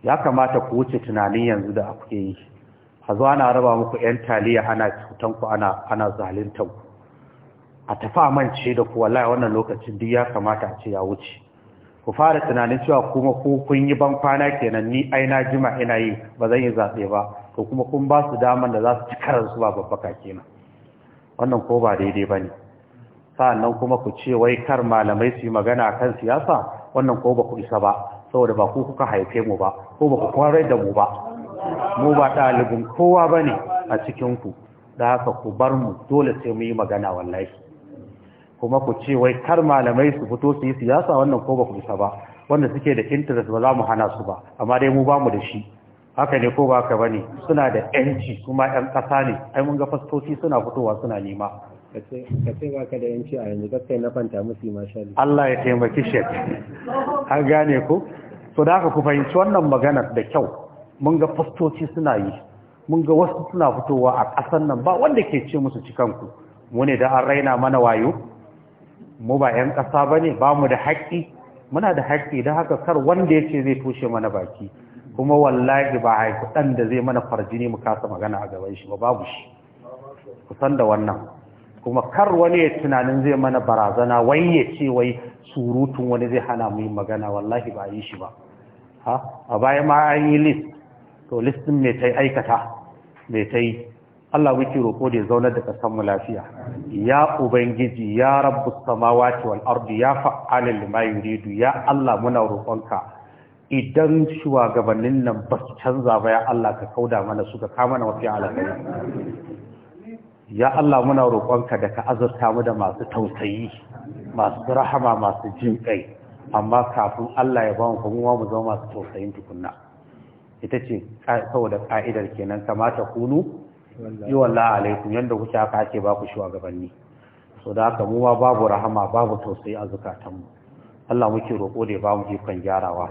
ya kamata ku wuce tunanin yanzu da kuke yi a zo ana raba muku yan taliya ana cutan ku ana ana zaluntar ku a tafi a mance da ku wallahi wannan lokacin duk ya kamata a ce ya wuce ku fara tunanin cewa kuma ko kun yi ban kwana kenan ni ai na jima ina yi ba zan yi zabe ba to kuma kun ba su daman da za su ci karansu ba babbaka kenan wannan ko ba daidai ba ne sa'annan kuma ku ce wai kar malamai su yi magana kan siyasa wannan ko ba ku isa ba saboda ba ku kuka haife mu ba ko ba ku kware da mu ba mu ba ɗalibin kowa ba ne a cikinku da haka ku bar mu dole sai mu yi magana wallahi kuma ku ce wai kar malamai su fito su yi siyasa wannan ko ba ku bisa ba wanda suke da interest ba za mu hana su ba amma dai mu ba mu da shi haka ne ko ba haka bane suna da yanci kuma yan kasa ne ai mun ga fastoci suna fitowa suna nema ka ce ba ka da yanci a yanzu kai na fanta musu masha Allah ya taimaki shek an gane ko to da haka ku fahimci wannan magana da kyau mun ga fastoci suna yi mun ga wasu suna fitowa a ƙasar nan ba wanda ke ce musu cikanku mu ne da an raina mana wayo mu ba 'yan ƙasa ba ne ba mu da haƙƙi muna da haƙƙi don haka kar wanda ya ce zai toshe mana baki kuma wallahi ba haiku ɗan da zai mana farjini mu kasa magana a gaban shi ba babu shi kusan da wannan kuma kar wani ya tunanin zai mana barazana wai ya ce wai surutun wani zai hana mu yin magana wallahi ba a yi shi ba a baya ma an yi list to listin mai ta yi aikata mai ta yi Allah wuce roƙo da ya zaunar da ƙasar mu lafiya ya ubangiji ya samawa samawati wal ardu, ya fa'alin lima yuridu ya Allah muna roƙonka idan shugabannin nan ba su canza ba ya Allah ka kauda mana suka ka kama na mafi alaƙari ya Allah muna roƙonka da ka azurta mu da masu tausayi masu rahama masu jin kai amma kafin Allah ya ba mu kuma mu zama masu tausayin tukunna ita ce saboda ka'idar kenan kamata kunu yi wallah alaikum yadda kuke haka ake ba ku shugabanni so da haka mu ma babu rahama babu tausayi a zukatanmu Allah muke roƙo da ba mu ikon gyarawa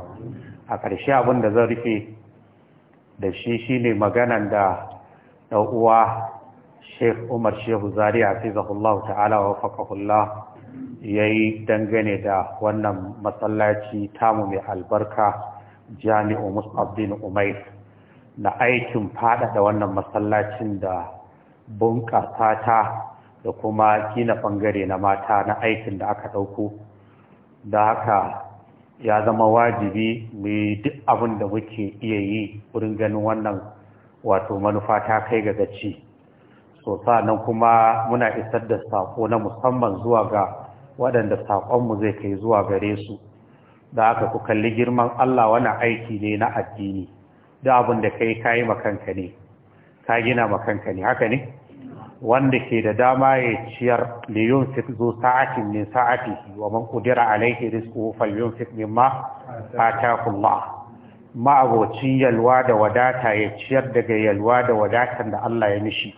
a ƙarshe abin da zan rufe da shi shine maganan da ɗan uwa Sheikh Umar Shehu Zari hafizahullahu ta'ala wa faqahullah yayi dangane da wannan masallaci tamu mai albarka Jami'u Mus'ab bin Umair Na aikin faɗaɗa wannan masallacin da bunƙasa ta da kuma gina ɓangare na mata na aikin da aka ɗauko da haka ya zama wajibi mu duk abin da muke iya yi wurin ganin wannan wato manufa ta kai ga gaci so nan kuma muna isar da sako na musamman zuwa ga waɗanda saƙonmu zai kai zuwa gare su da haka ku kalli girman Allah wani aiki ne na addini Duk abin da kai kayi makanka ne ka gina makanka ne haka ne wanda ke da dama ya ciyar liyun fit zo sa'atin min sa'atihi wa man qudira alayhi rizquhu falyunfiq mimma ataahu min ma abocin yalwa da wadata ya ciyar daga yalwa da wadatan da Allah ya mishi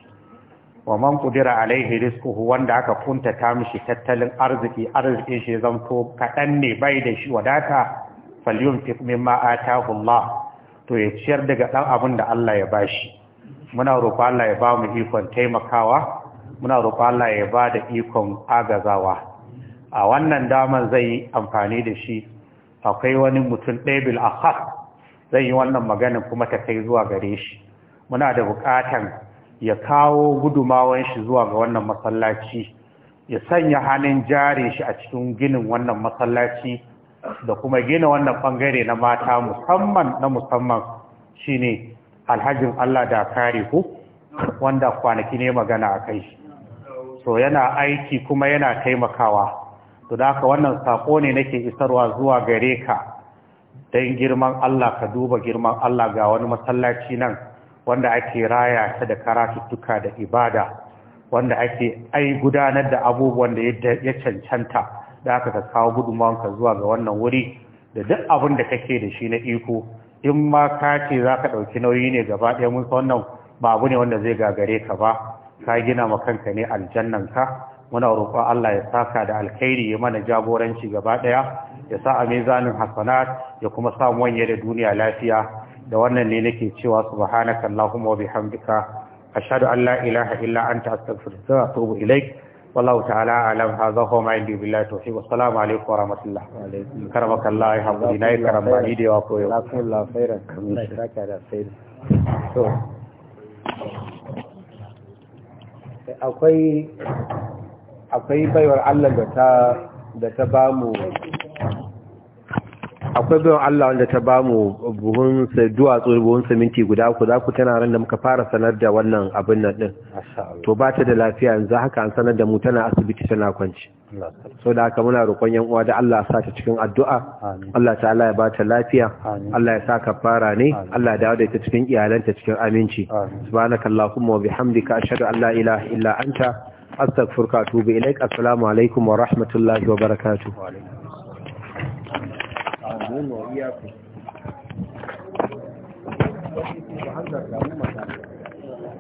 wa man qudira alaihi rizquhu wanda aka ta mishi tattalin arziki arzikin shi zanto kadan ne bai da shi wadata falyunfiq mimma ataahu Allah to ya ciyar daga ɗan abin da Allah ya ba shi muna roƙo Allah ya ba mu ikon taimakawa muna roƙo Allah ya ba da ikon agazawa a wannan daman zai yi amfani da shi akwai wani mutum ɗabil akhas zai yi wannan maganin kuma ta kai zuwa gare shi muna da buƙatan ya kawo gudumawan shi zuwa ga wannan masallaci ya sanya hannun jari shi a cikin ginin wannan masallaci da kuma gina wannan bangare na mata musamman na musamman shine alhajin Allah da kare ku wanda kwanaki ne magana a kai so yana aiki kuma yana taimakawa to da haka wannan sako ne nake isarwa zuwa gare ka don girman Allah ka duba girman Allah ga wani masallaci nan wanda ake raya ta da karatuttuka da ibada wanda ake ai gudanar da abubuwan da ya cancanta da aka ka kawo gudunmawanka zuwa ga wannan wuri da duk abin da kake da shi na iko in ma ka ce za ka ɗauki nauyi ne gaba ɗaya mun san wannan ba abu ne wanda zai gagare ka ba ka gina ma kanka ne aljannan ka muna roƙon Allah ya saka da alkhairi ya mana jagoranci gaba ɗaya ya sa a mizanin hasanat ya kuma sa wanye da duniya lafiya da wannan ne nake cewa subhanaka allahumma wa bihamdika ashhadu an la ilaha illa anta astaghfiruka wa atubu ilaik wallahu ta'ala alam hadha huwa ma indi billahi tawfiq assalamu alaykum wa rahmatullah wa alaykum karamakallahu ya habibi nay karam ba ide wa koyo da sayyid to akwai akwai Allah da ta da ta bamu akwai bayan Allah wanda ta bamu buhun duwatsu buhun siminti guda uku. za ku tana ran da muka fara sanar da wannan abin nan din to ba ta da lafiya yanzu haka an sanar da mu tana asibiti tana kwanci so da haka muna roƙon yan uwa da Allah sa ta cikin addu'a Allah ta'ala ya ba ta lafiya Allah ya sa ka fara ne Allah ya dawo da ita cikin iyalanta cikin aminci subhanakallahumma wa bihamdika ashhadu an la ilaha illa anta astaghfiruka wa atubu ilaik assalamu alaikum wa rahmatullahi wa barakatuh اللهم وإياكم